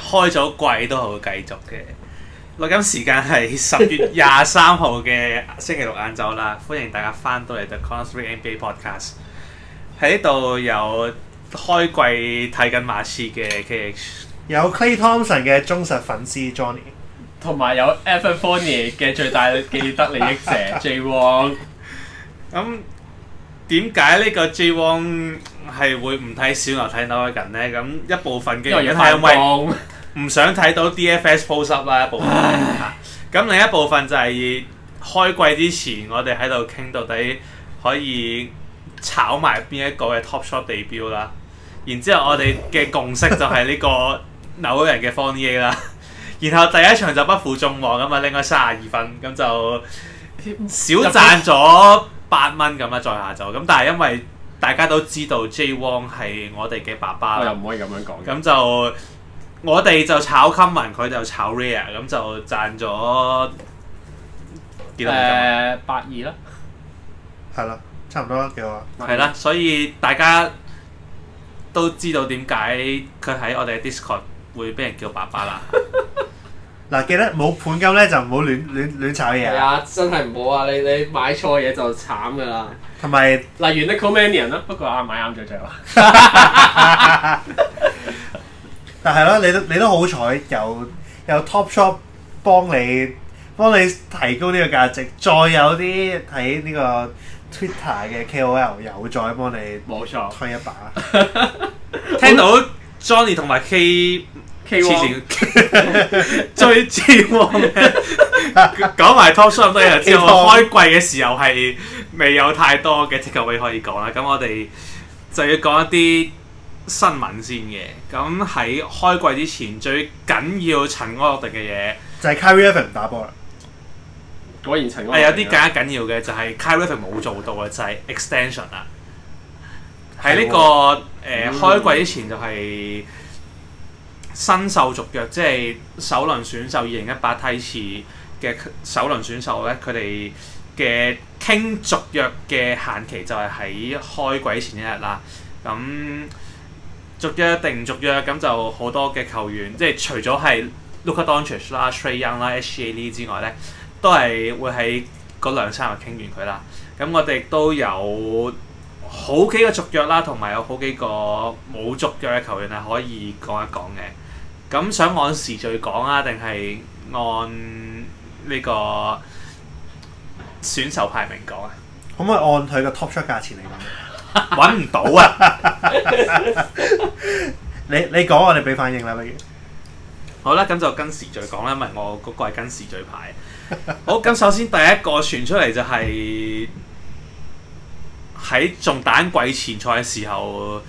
開咗季都好會繼續嘅。錄音時間係十月廿三號嘅星期六晏晝啦，歡迎大家翻到嚟 The Corner 3 NBA Podcast。喺度有開季睇緊馬刺嘅 KH，有 Klay Thompson 嘅忠實粉絲 Johnny，同埋有，有 Ever Fony 嘅最大既得利益者 Jay Wong。咁 Wong 點解呢個 G1 係會唔睇小牛睇紐約人呢？咁一部分嘅原因係因為唔想睇到 DFS post up 啦，一部分咁、哎、另一部分就係開季之前我哋喺度傾到底可以炒埋邊一個嘅 Top Shot 地標啦。然之後我哋嘅共識就係呢個紐約人嘅方爺啦。然後第一場就不負眾望啊嘛，拎咗三十二分，咁就～少賺咗八蚊咁啊！在下晝咁，但係因為大家都知道 J. Wong 係我哋嘅爸爸，我又唔可以咁樣講。咁就我哋就炒 common，佢就炒 rare，咁就賺咗幾多錢？誒、呃，八二啦，係啦，差唔多啦，叫我係啦。所以大家都知道點解佢喺我哋嘅 Discord 會俾人叫爸爸啦。 嗱、啊，記得冇盤金咧就唔好亂亂亂炒嘢啊！啊，真係唔好啊！你你買錯嘢就慘㗎啦。同埋有，例如 Nico Mannion 啦，不過啱買啱著著啦。 但係咧、啊，你都你都好彩，有有 Topshop 幫你幫你提高呢個價值，再有啲睇呢個 Twitter 嘅 KOL 又再幫你冇錯推一把。沒錯 聽到 Johnny 同埋 K。望望望之前最痴旺嘅，講埋 talk 咗咁多嘢之後，開季嘅時候係未有太多嘅 topic 可以講啦。咁我哋就要講一啲新聞先嘅。咁喺開季之前最緊要塵埃落定嘅嘢，就係 Kyrie Irving 唔打波啦。果然塵埃係有啲更加緊要嘅，就係 Kyrie Irving 冇做到嘅就係 extension 啦。喺呢個誒開季之前就係、是。新秀續約即係首輪選秀二零一八梯次嘅首輪選秀咧，佢哋嘅傾續約嘅限期就係喺開季前一日啦。咁、嗯、續約定唔續約咁就好多嘅球員，即係除咗係 Luka Doncic 啦、Trae Young 啦、H. A. D. 之外咧，都係會喺嗰兩三日傾完佢啦。咁、嗯、我哋都有好幾個續約啦，同埋有好幾個冇續約嘅球員係可以講一講嘅。咁想按時序講啊，定係按呢個選手排名講啊？可唔可以按佢嘅 top 出價錢嚟講？揾唔 到啊！你你講我哋俾反應啦，不如好啦，咁就跟時序講啦，因為我嗰個係跟時序排。好，咁首先第一個傳出嚟就係喺仲蛋季前賽嘅時候，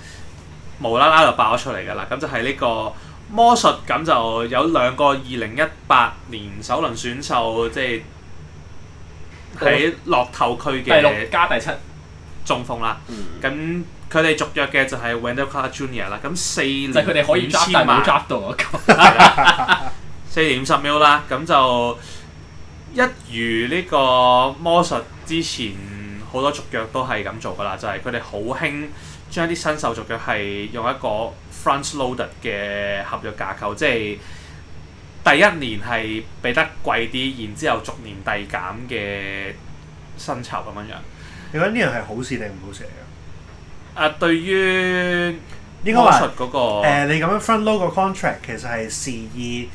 無啦啦就爆咗出嚟噶啦，咁就係呢、呢個。魔術咁就有兩個二零一八年首輪選秀，即係喺樂透區嘅加第七中鋒啦。咁佢哋續約嘅就係 Wendell Carter Jr. 啦。咁四年就係佢哋可以簽大冇抓到啊！四年五十秒啦，咁就一如呢個魔術之前好多續約都係咁做噶啦，就係佢哋好興將啲新秀續約係用一個。Front-loaded c 嘅合約架構，即係第一年係俾得貴啲，然之後逐年遞減嘅薪酬咁樣樣 contract。你覺得呢樣係好事定唔好事啊？誒，對於，應該話嗰個誒，你咁樣 front-load 個 contract，其實係示意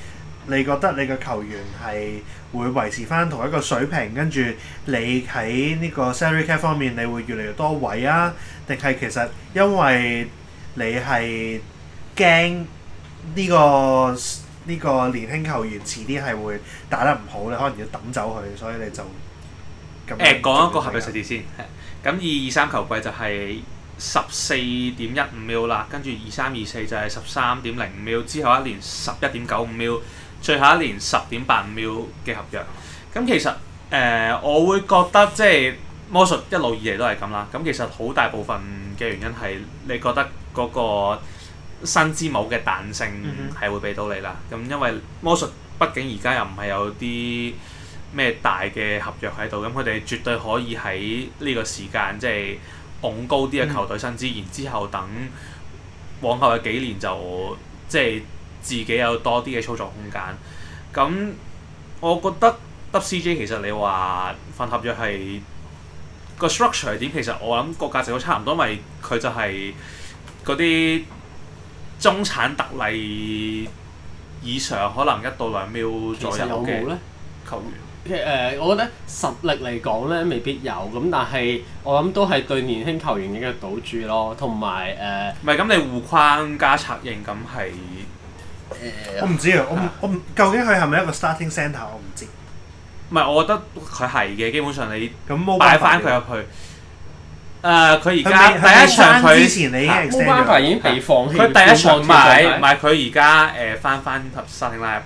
你覺得你個球員係會維持翻同一個水平，跟住你喺呢個 salary cap 方面，你會越嚟越多位啊？定係其實因為你係？驚呢，這個呢，這個年輕球員遲啲係會打得唔好，你可能要抌走佢，所以你就誒講，欸、一個合約細節先，咁二二三球季就係十四點一五秒啦，跟住二三二四就係十三點零五秒，之後一年十一點九五秒，最後一年十點八五秒嘅合約。咁其實誒，呃，我會覺得即係魔術一路以嚟都係咁啦。咁其實好大部分嘅原因係你覺得嗰，那個。薪資帽嘅彈性係、嗯、哼會俾到你啦，咁因為魔術畢竟而家又唔係有啲咩大嘅合約喺度，咁佢哋絕對可以喺呢個時間即係昂高啲嘅球隊薪資，嗯、然之後等往後嘅幾年就即係、就是、自己有多啲嘅操作空間。咁我覺得得 CJ 其實你話份合約係、個 structure 係點？其實我諗個價值都差唔多，因為佢就係嗰啲。中產特例以上，可能一到兩秒左右球員。其實我冇即係我覺得實力嚟講咧，未必有咁，但係我諗都係對年輕球員嘅一個賭注咯，同埋誒。唔、呃、係，咁你互框加策應，咁係誒？我唔知啊，我我唔究竟佢係咪一個 starting center 我唔知。唔係，我覺得佢係嘅，基本上你擺翻佢入去。誒佢而家第一場佢冇、啊、辦法已經被放棄，佢、啊、第一場咪咪佢而家誒翻翻新 live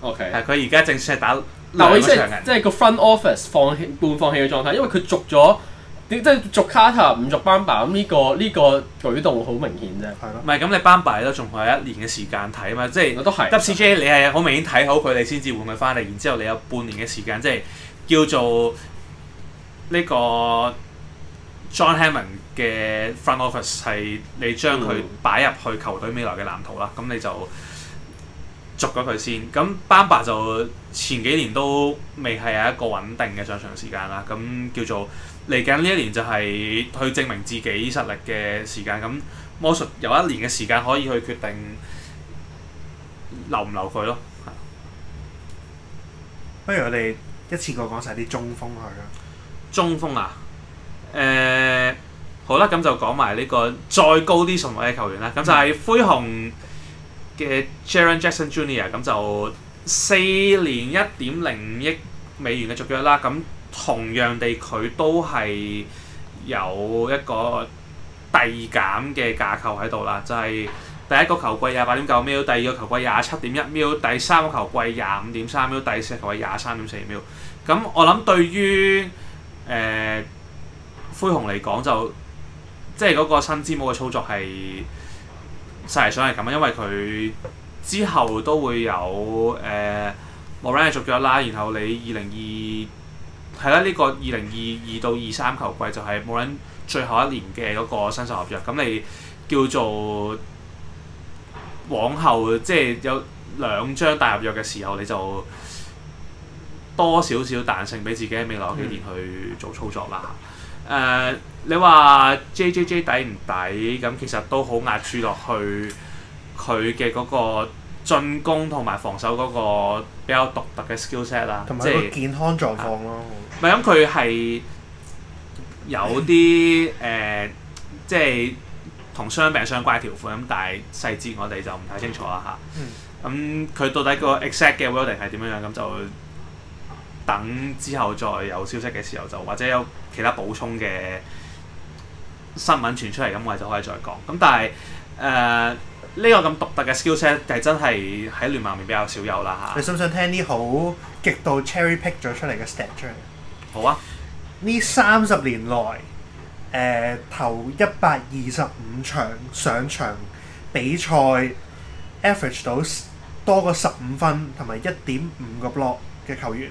OK，係佢而家正式係打。嗱，我即係即個 front office 放半放棄嘅狀態，因為佢續咗，即係續卡特唔續班巴、這個，咁、這、呢個呢、這個舉動好明顯啫。係咯、啊。唔係咁，你班巴都仲係一年嘅時間睇啊嘛，即係我都係。WCJ，你係好明顯睇好佢，你先至換佢翻嚟，然之後你有半年嘅時間，即係叫做呢、這個。這個 John Hammond 嘅 front office 係你將佢擺入去球隊未來嘅藍圖啦，咁、嗯、你就續咗佢先。咁 Bamba 就前幾年都未係有一個穩定嘅上場時間啦，咁叫做嚟緊呢一年就係去證明自己實力嘅時間。咁魔術有一年嘅時間可以去決定留唔留佢咯。不如我哋一次過講晒啲中鋒去啦。中鋒啊？誒、呃、好啦，咁就講埋呢個再高啲順位嘅球員啦。咁就係灰熊嘅 Jaren Jackson Jr.，u n i o 咁就四年一點零五億美元嘅續約啦。咁同樣地，佢都係有一個遞減嘅架構喺度啦。就係、是、第一個球季廿八點九秒，第二個球季廿七點一秒，第三個球季廿五點三秒，第四個球季廿三點四秒。咁我諗對於誒、呃灰熊嚟講就即係嗰個薪資帽嘅操作係實係想係咁樣，因為佢之後都會有誒，Morant 係續約啦，然後你二零二係啦，呢、這個二零二二到二三球季就係 Morant 最後一年嘅嗰個新秀合約，咁你叫做往後即係有兩張大合約嘅時候，你就多少少彈性俾自己未來嗰幾年去做操作啦。嗯誒，uh, 你話 J J J 抵唔抵？咁其實都好押注落去佢嘅嗰個進攻同埋防守嗰個比較獨特嘅 skill set 啦，同埋個健康狀況咯。咪咁佢係有啲誒，uh, 即係同傷病相關條款咁，但係細節我哋就唔太清楚啦吓，咁、啊、佢、嗯、到底個 exact 嘅 worlding 係點樣樣？咁就。等之後再有消息嘅時候就，就或者有其他補充嘅新聞傳出嚟咁，我哋就可以再講。咁但係誒呢個咁獨特嘅 skillset 係真係喺聯盟面比較少有啦嚇。啊、你想唔想聽啲好極度 cherry pick 咗出嚟嘅 statue？好啊！呢三十年來，誒、呃、頭一百二十五場上場比賽 average 到多過十五分同埋一點五個 block 嘅球員。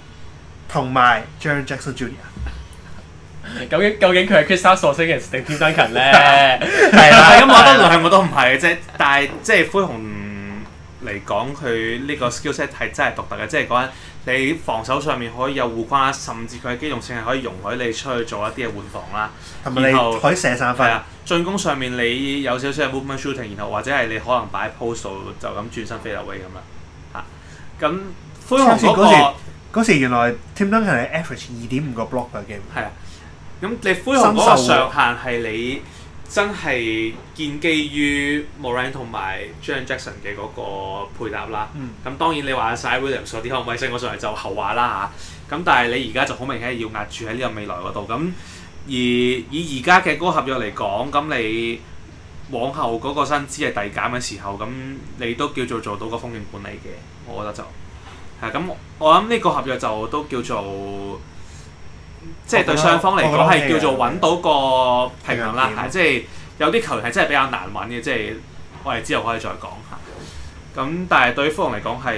同埋，Jaren Jackson Jr.。 究竟究竟佢係決生鎖星嘅定 Tim Duncan 呢？係啦，咁我覺得兩個我都唔係嘅啫。但係即係灰熊嚟講，佢呢個 skillset 係真係獨特嘅，即係講緊你防守上面可以有護框，甚至佢嘅機動性係可以容許你出去做一啲嘅換防啦。嗯、然後你可以射三分。係啊、嗯，進攻上面你有少少嘅 movement shooting，然後或者係你可能擺 post 就咁轉身 fadeaway 咁啦。嚇、啊，咁灰熊嗰嗰時原來 Tim Duncan average 二點五個 block per game。係啊，咁你灰熊嗰個上限係你真係建基於 Moran 同埋 John Jackson 嘅嗰個配搭啦。咁、嗯、當然你話曬 Williams 啲可唔可以升，我上嚟就後話啦嚇。咁但係你而家就好明顯要壓住喺呢個未來嗰度。咁而以而家嘅嗰個合約嚟講，咁你往後嗰個薪資係遞減嘅時候，咁你都叫做做到個風險管理嘅，我覺得就。係咁，我諗呢個合約就都叫做，即係對雙方嚟講係叫做揾到個平衡啦，係即係有啲球員係真係比較難揾嘅，即係我哋之後可以再講下。咁但係對灰熊嚟講係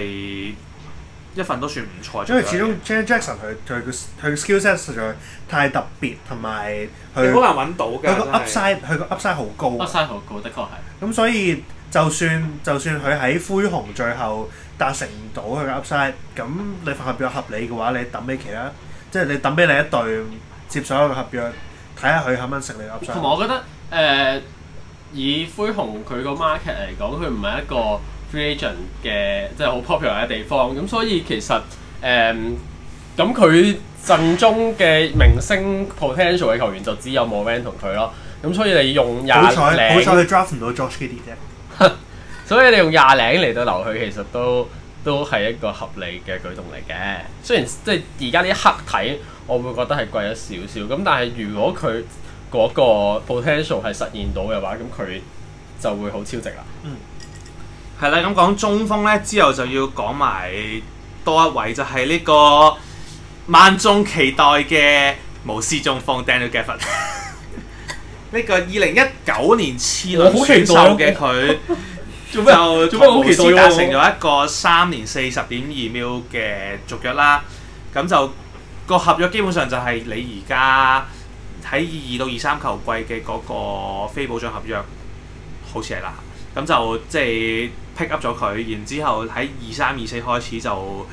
一份都算唔錯，因為始終 Jen Jackson 佢佢佢 skill set 實在太特別同埋佢好難揾到嘅，佢個 upside 佢個 upside 好高，upside 好高的確係。咁所以就算就算佢喺灰熊最後，達成唔到佢嘅 Upside，咁你份合約合理嘅話，你抌俾其他，即係你抌俾你一隊接手一個合約，睇下佢肯唔肯食你 Upside。同埋我覺得，誒、呃、以灰熊佢個 market 嚟講，佢唔係一個 free agent 嘅即係好 popular 嘅地方，咁所以其實，誒咁佢陣中嘅明星 potential 嘅球員就只有 Morant 同佢咯，咁所以你用廿零好，多好彩你 draft 唔到 Josh Giddey 啫。 所以你用廿零嚟到留佢，其實都都係一個合理嘅舉動嚟嘅。雖然即係而家呢刻睇，我會覺得係貴咗少少。咁但係如果佢嗰個 potential 係實現到嘅話，咁佢就會好超值啦。嗯，係啦。咁講中鋒呢，之後就要講埋多一位，就係、是、呢個萬眾期待嘅無視中鋒 Daniel Gafford。呢 個二零一九年籤籤手嘅佢。 做就好期待，達成咗一個三年四十點二秒嘅續約啦，咁就個合約基本上就係你而家喺二二到二三球季嘅嗰個非保障合約，好似係啦。咁就即係 pick up 咗佢，然之後喺二三二四開始就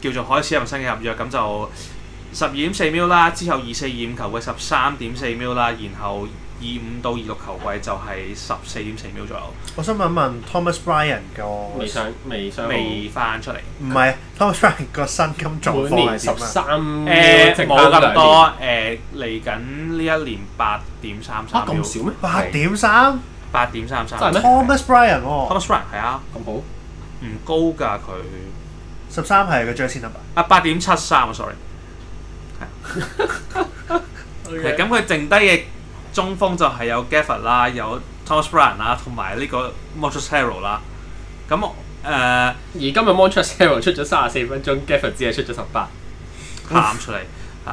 叫做開始有新嘅合約，咁就十二點四秒啦，之後二四二五球嘅十三點四秒啦，然後。二五到二六球季就係十四點四秒左右。我想問問 Thomas Bryan 個未上未上未翻出嚟。唔係 Thomas Bryan 個薪金狀況係點啊？每年十三，誒冇咁多。誒嚟緊呢一年八點三三秒。啊咁少咩？八點三，八點三三。真咩？Thomas Bryan 喎。Thomas Bryan 係啊。咁好？唔高㗎佢。十三係佢最新 number。啊八點七三啊，sorry。係。係咁，佢剩低嘅。中鋒就係有 Gafford 啦，有 Thomas Bryant 啦，同埋呢個 Montrezl Harrell 啦。咁誒，呃、而今日 Montrezl Harrell 出咗三十四分鐘，Gafford 只係出咗十八，喊出嚟，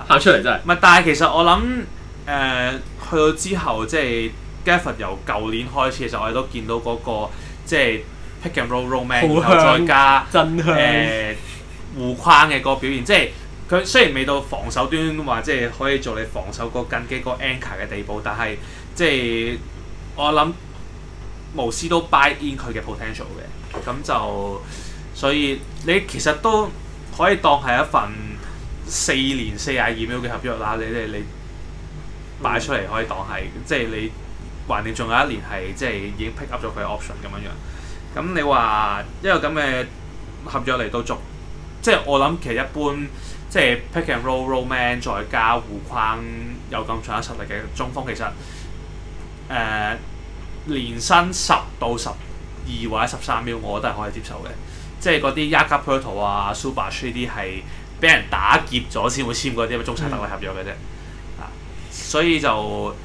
喊 出嚟真係。唔係，但係其實我諗誒、呃，去到之後即係、就是、Gafford 由舊年開始，其實我哋都見到嗰、那個即係、就是、pick and roll，roll man，向然後再加真誒向護、呃、框嘅個表現，即、就、係、是。佢雖然未到防守端話即係可以做你防守個根基、個 anchor 嘅地步，但係即係我諗無私都 buy in 佢嘅 potential 嘅，咁就所以你其實都可以當係一份四年四廿二 mil 嘅合約啦。你你你擺出嚟可以當係、mm hmm。即係你橫掂仲有一年係即係已經 pick up 咗佢 option 咁樣樣。咁你話一個咁嘅合約嚟到續，即係我諗其實一般。即係 pick and roll，roll man 再加護框有咁上下嘅實力嘅中鋒，其實誒年薪十到十二或者十三秒，我覺得係可以接受嘅。即係嗰啲 Jakob Poeltl 啊、Zubac 啲係俾人打劫咗先會簽嗰啲中產特例合約嘅啫。啊、嗯，所以就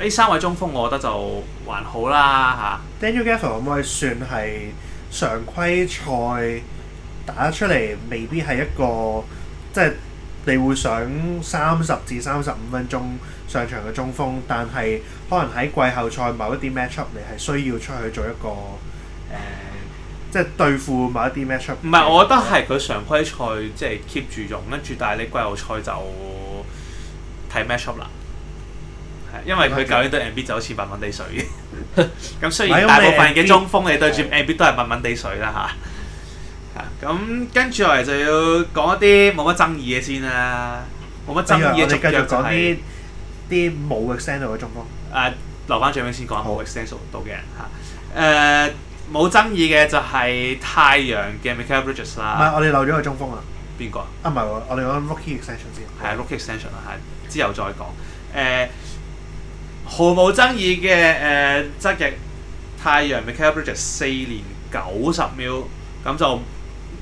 呢三位中鋒，我覺得就還好啦嚇。啊、Daniel Gafford 可唔可以算係常規賽打出嚟，未必係一個。即係你會想三十至三十五分鐘上場嘅中鋒，但係可能喺季後賽某一啲 matchup 你係需要出去做一個誒，即係對付某一啲 matchup。唔係，我覺得係佢常規賽即係 keep 住用，跟住但係你季後賽就睇 matchup 啦。係，因為佢究竟對 MB 就好似揾揾地水。咁雖然大部分嘅中鋒你對住 MB 都係揾揾地水啦，嚇。咁、嗯、跟住落嚟就要講一啲冇乜爭議嘅先啦，冇乜爭議嘅作用就係啲冇 extension 嘅中鋒。誒，留翻最尾先講好 extension 到嘅人嚇。冇爭議嘅就係太陽嘅 Mikal Bridges 啦。唔係，我哋漏咗個中鋒個啊。邊個啊？唔係，我哋講 Rookie、ok、Extension 先。係、嗯、的 Rookie Extension 啊，係之後再講誒、嗯，毫無爭議嘅誒，則、呃、亦太陽 Mikal Bridges 四年九十秒咁就。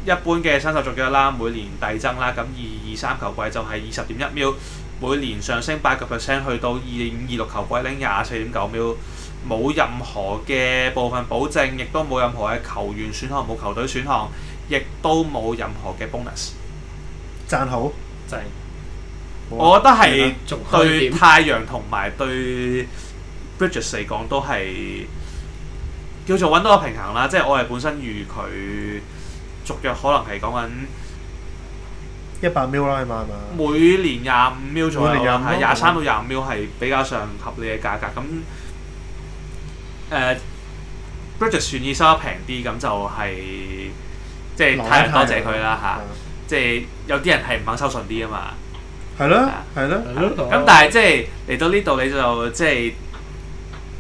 一般嘅新秀續約啦，每年遞增啦，咁二二三球季就係二十點一秒，每年上升八個 percent，去到二五二六球季拎廿四點九秒，冇任何嘅部分保證，亦都冇任何嘅球員選項，冇球隊選項，亦都冇任何嘅 bonus。贊好，就哇我覺得係對太陽同埋對 Bridges 嚟講都係叫做揾到個平衡啦。即、就、係、是、我係本身預佢。續約可能係講緊一百秒啦，係嘛？每年廿五秒左右，係廿三到廿五秒係比較上合理嘅價格。咁誒，budget 願意收得平啲，咁就係即係太陽多謝佢啦吓，即係有啲人係唔肯收信啲啊嘛。係咯，係咯，咁、yeah, 嗯、但係即係嚟到呢度你就即係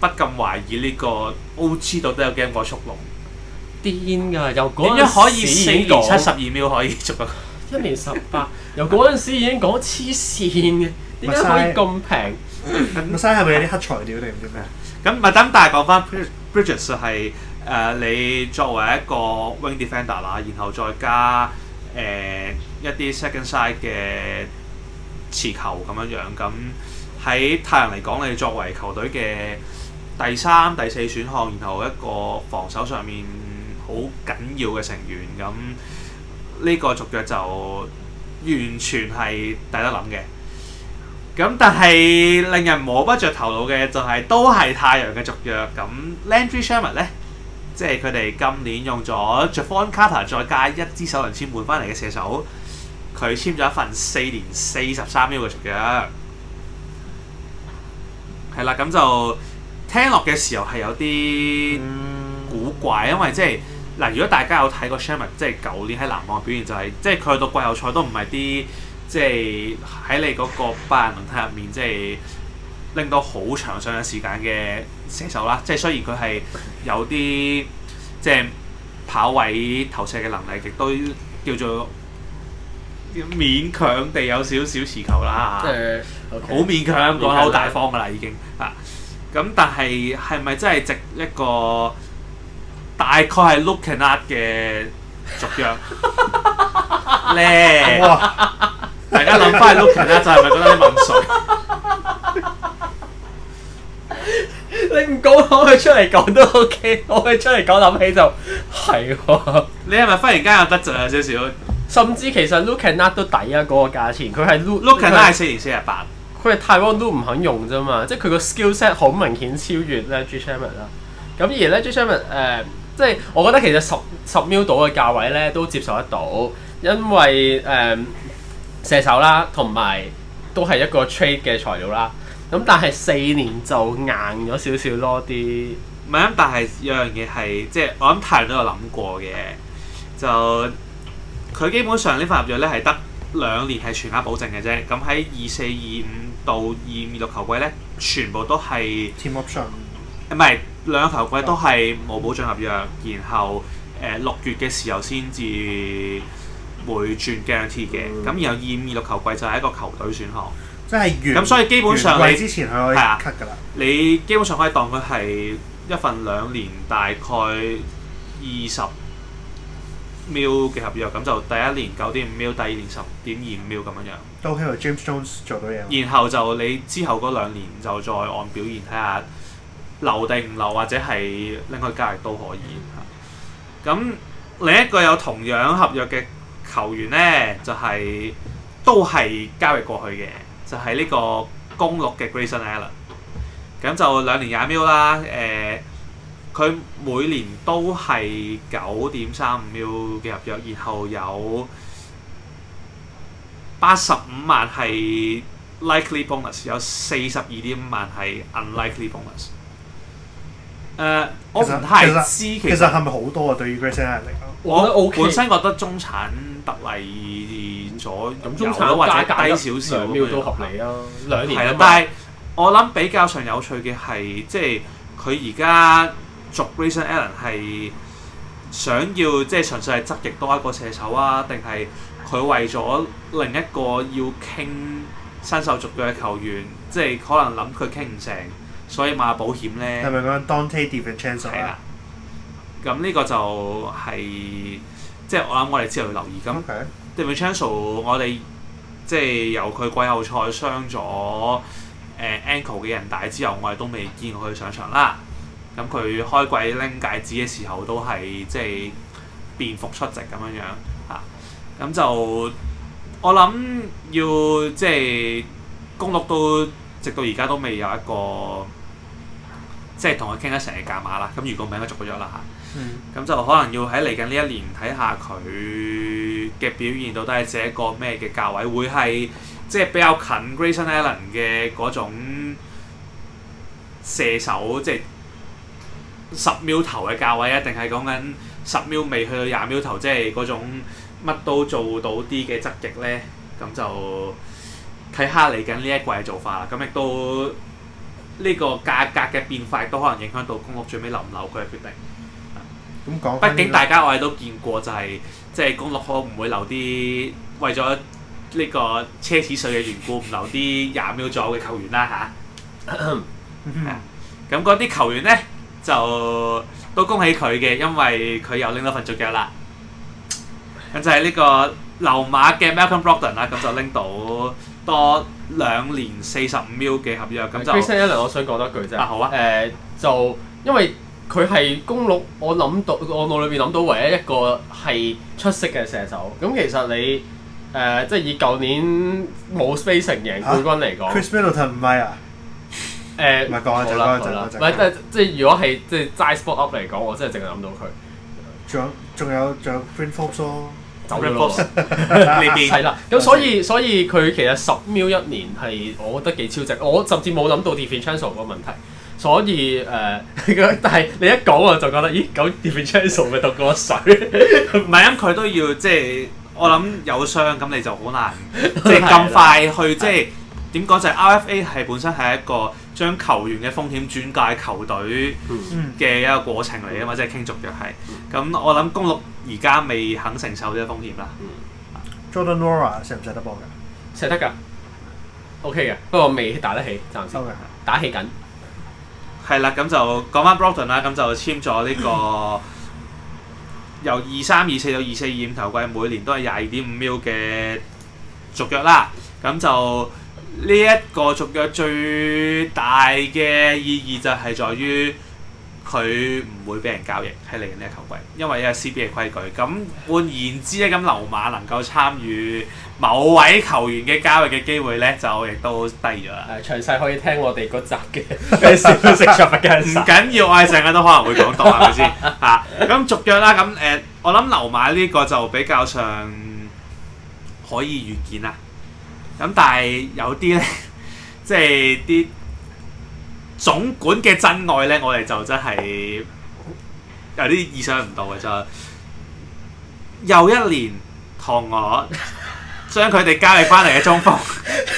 不禁懷疑呢個 O.G. 度都有驚過速龍。癲㗎！又嗰陣時已經講七十二秒可以做一年十八， 由嗰陣時已經講黐線嘅，點解、啊、可以咁平？麥塞係咪有啲黑材料定唔知咩？咁咪等大係講翻 Bridges 係、呃、你作為一個 wing defender 啦，然後再加誒、呃、一啲 second side 嘅持球咁樣樣，咁喺太陽嚟講，你作為球隊嘅第三、第四選項，然後一個防守上面。好緊要嘅成員咁，呢個續約就完全係抵得諗嘅。咁但係令人摸不著頭腦嘅就係都係太陽嘅續約。咁 Landry Shamet 咧，即係佢哋今年用咗 Jevon Carter 再加一支手輪籤換翻嚟嘅射手，佢簽咗一份四年四十三 mil 嘅續約。係啦，咁就聽落嘅時候係有啲古怪，因為即係。嗱，如果大家有睇過 Sherman 即係舊年喺籃網嘅表現，就係，就係即係佢去到季後賽都唔係啲即係喺你嗰個八人輪替入面，即係拎到好長上場嘅時間嘅射手啦。即係雖然佢係有啲即係跑位投射嘅能力，亦都叫做勉強地有少少持球啦。即係好勉強，講好大方嘅啦，已經嚇。咁、啊、但係係咪真係值一個？大概係 Luke Kennard 嘅續約咧，哇！大家諗翻 Luke Kennard 就係咪覺得你問水？ 你唔講我佢出嚟講都 OK，我佢出嚟講諗起就係喎。 你係咪忽然間有得著有少少？ 甚至其實 Luke Kennard 都抵啊！嗰、那個價錢，佢係 Luke Kennard 四年四廿八，佢係泰隆都唔肯用啫嘛。即係佢個 skillset 好明顯超越咧 G Charming 啦。咁而咧 G Charming 誒、呃。即係我覺得其實十十秒度嘅價位咧，都接受得到，因為誒、呃、射手啦，同埋都係一個 trade、er、嘅材料啦。咁但係四年就硬咗少少咯啲，唔係啊！但係有樣嘢係，即係我諗泰倫都有諗過嘅，就佢基本上呢份合約咧係得兩年係全額保證嘅啫。咁喺二四二五到二五六球季咧，全部都係 team option，唔係。兩個球季都係冇保障合約，嗯、然後誒、呃、六月嘅時候先至會轉保障嘅，咁、嗯、然後二五二六球季就係一個球隊選項，即係完。咁所以基本上你係啊 cut 㗎啦，你基本上可以當佢係一份兩年大概二十 mil 嘅合約，咁就第一年九點五 mil，第二年十點二五 mil 咁樣樣。都希望 James Jones 做到嘢。然後就你之後嗰兩年就再按表現睇下。留定唔留，或者係拎去交易都可以嚇。咁另一個有同樣合約嘅球員呢，就係都係交易過去嘅，就係呢個公鹿嘅 Grayson Allen。咁就兩年廿 mil 啦，誒，佢每年都係九點三五 mil 嘅合約，然後有八十五萬係 likely bonus，有四十二點五萬係 unlikely bonus。誒，uh, 我唔太知其，其實係咪好多啊？對於 Grayson Allen 嚟講，我、OK、本身覺得中產特例咗咁，中產或者低少少都合理咯、啊。兩年，係啊，但係我諗比較上有趣嘅係，即係佢而家續 Grayson Allen 係想要即係純粹係執翼多一個射手啊，定係佢為咗另一個要傾新秀續約嘅球員，即係可能諗佢傾唔成。所以買保險咧，係咪講 Donte DiVincenzo 啊？咁呢個就係、是、即係我諗，我哋之後要留意咁。對，DiVincenzo Okay. 我哋即係由佢季後賽傷咗誒、呃、ankle 嘅人大之後，我哋都未見佢上場啦。咁佢開季拎戒指嘅時候都係即係便服出席咁樣樣啊。咁就我諗要即係攻入到，直到而家都未有一個。即係同佢傾一成日價碼啦，咁如果唔係應該續個約啦嚇。咁、嗯、就可能要喺嚟緊呢一年睇下佢嘅表現到底係寫一個咩嘅價位，會係即係比較近 Grayson Allen 嘅嗰種射手，即係十秒頭嘅價位啊，定係講緊十秒未去到廿秒頭，即係嗰種乜都做到啲嘅側翼咧？咁就睇下嚟緊呢一季嘅做法啦。咁亦都。呢個價格嘅變化都可能影響到公鹿最尾留唔留佢嘅決定。咁講、嗯，畢竟大家我哋都見過、就是，就係即係公鹿可唔會留啲為咗呢個奢侈稅嘅緣故唔留啲廿秒左右嘅球員啦嚇。咁嗰啲球員呢，就都恭喜佢嘅，因為佢又拎咗份續約啦。咁就係呢個溜馬嘅 Malcolm Brogdon 啦、啊，咁就拎到多。兩年四十五秒嘅合約，咁就。Chris Middleton 一嚟、啊呃，我想講多句啫。好啊，誒就因為佢係公鹿，我諗到我腦裏邊諗到唯一一個係出色嘅射手。咁其實你誒即係以舊年冇 spacing 贏冠軍嚟講。Chris Middleton 唔係啊？誒唔係講下就講下就唔係即係即係如果係即係、就、齋、是、spot up 嚟講，我真係淨係諗到佢。仲有仲有仲有 Bryn Forbes 咯。走咗咯，呢邊係啦，咁所以所以佢其實十秒一年係我覺得幾超值，我甚至冇諗到 deferential 嗰個問題，所以誒、呃，但係你一講我就覺得，咦，咁 deferential 咪讀過水？唔係，因佢都要即係、就是、我諗有傷咁，你就好難即係咁快去 了即係點講就係 RFA 係本身係一個將球員嘅風險轉介球隊嘅一個過程嚟㗎嘛，嗯、即係傾續約係。咁、嗯、我諗公鹿而家未肯承受呢個風險啦、嗯嗯。Jordan Nwora 射唔射得波㗎？射得㗎，OK 嘅。不過未打得起，暫時 Okay 打起緊。係啦、嗯，咁就講翻 Brooklyn 啦，咁就簽咗呢個由二三二四到二四二五球季，每年都係廿二點五 million 嘅續約啦。咁就。呢一個續約最大嘅意義就係在於佢唔會俾人交易，係嚟緊呢球季，因為有 CBA 嘅規矩。咁換言之咧，咁流馬能夠參與某位球員嘅交易嘅機會咧，就亦都低咗啦。誒、啊，詳細可以聽我哋嗰集嘅《唔緊要，我哋成日都可能會講到，係咪先？嚇，咁續約啦，咁誒、呃，我諗流馬呢個就比較上可以預見啦。咁但係有啲咧，即係啲總管嘅真愛咧，我哋就真係有啲意想唔到嘅就又一年同我將佢哋交易翻嚟嘅中鋒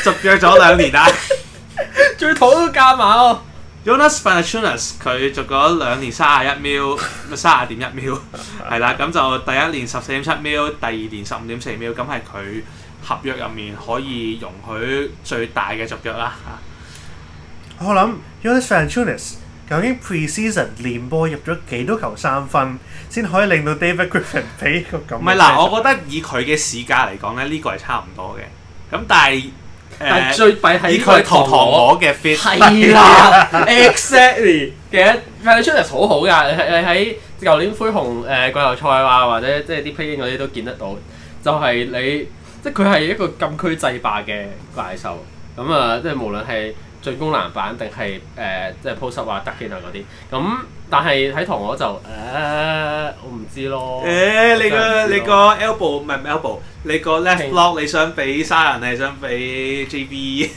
續 約咗兩年啦， 最土都加碼哦！Jonas Valanciunas 佢續咗兩年三十一秒，咩三十點一秒係啦，咁就第一年十四點七秒，第二年十五點四秒，咁係佢。合約入面可以容許最大嘅續約啦嚇。我諗，Jonas Valanciunas 究竟 preseason 連波入咗幾多球三分，先可以令到 David Griffin 俾個感？唔係嗱，我覺得以佢嘅市價嚟講咧，呢個係差唔多嘅。咁但係誒最弊係呢個陀陀我嘅 fit 係啦，exactly 嘅 Jonas Valanciunas 好好噶，係係喺舊年灰熊誒季後賽啊，或者即係啲披肩嗰啲都見得到，就係你。即佢係一個禁區制霸嘅怪獸，咁啊，即係無論係進攻籃板定係誒即係 post up 啊、突擊啊嗰啲，咁但係喺堂我就誒、呃、我唔知咯。誒、欸、你個你個 elbow 唔係 elbow，你個 left block 你想俾曬人，你想俾 JB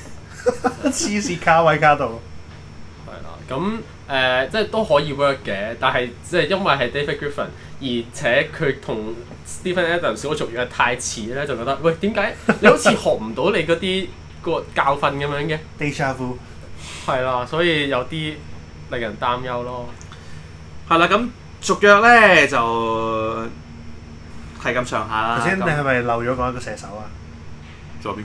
黐線卡位卡到。係啦， 咁誒、呃、即係都可以 work 嘅，但係即係因為係 David Griffin。而且佢同 Steven Adams 小組續約太遲咧，就覺得喂，點解你好似學唔到你嗰啲、嗰個教訓咁樣嘅，Déjà vu 係啦 ja，所以有啲令人擔憂咯。係啦，咁續約咧就係咁上下啦。頭先你係咪漏咗講一個射手啊？仲有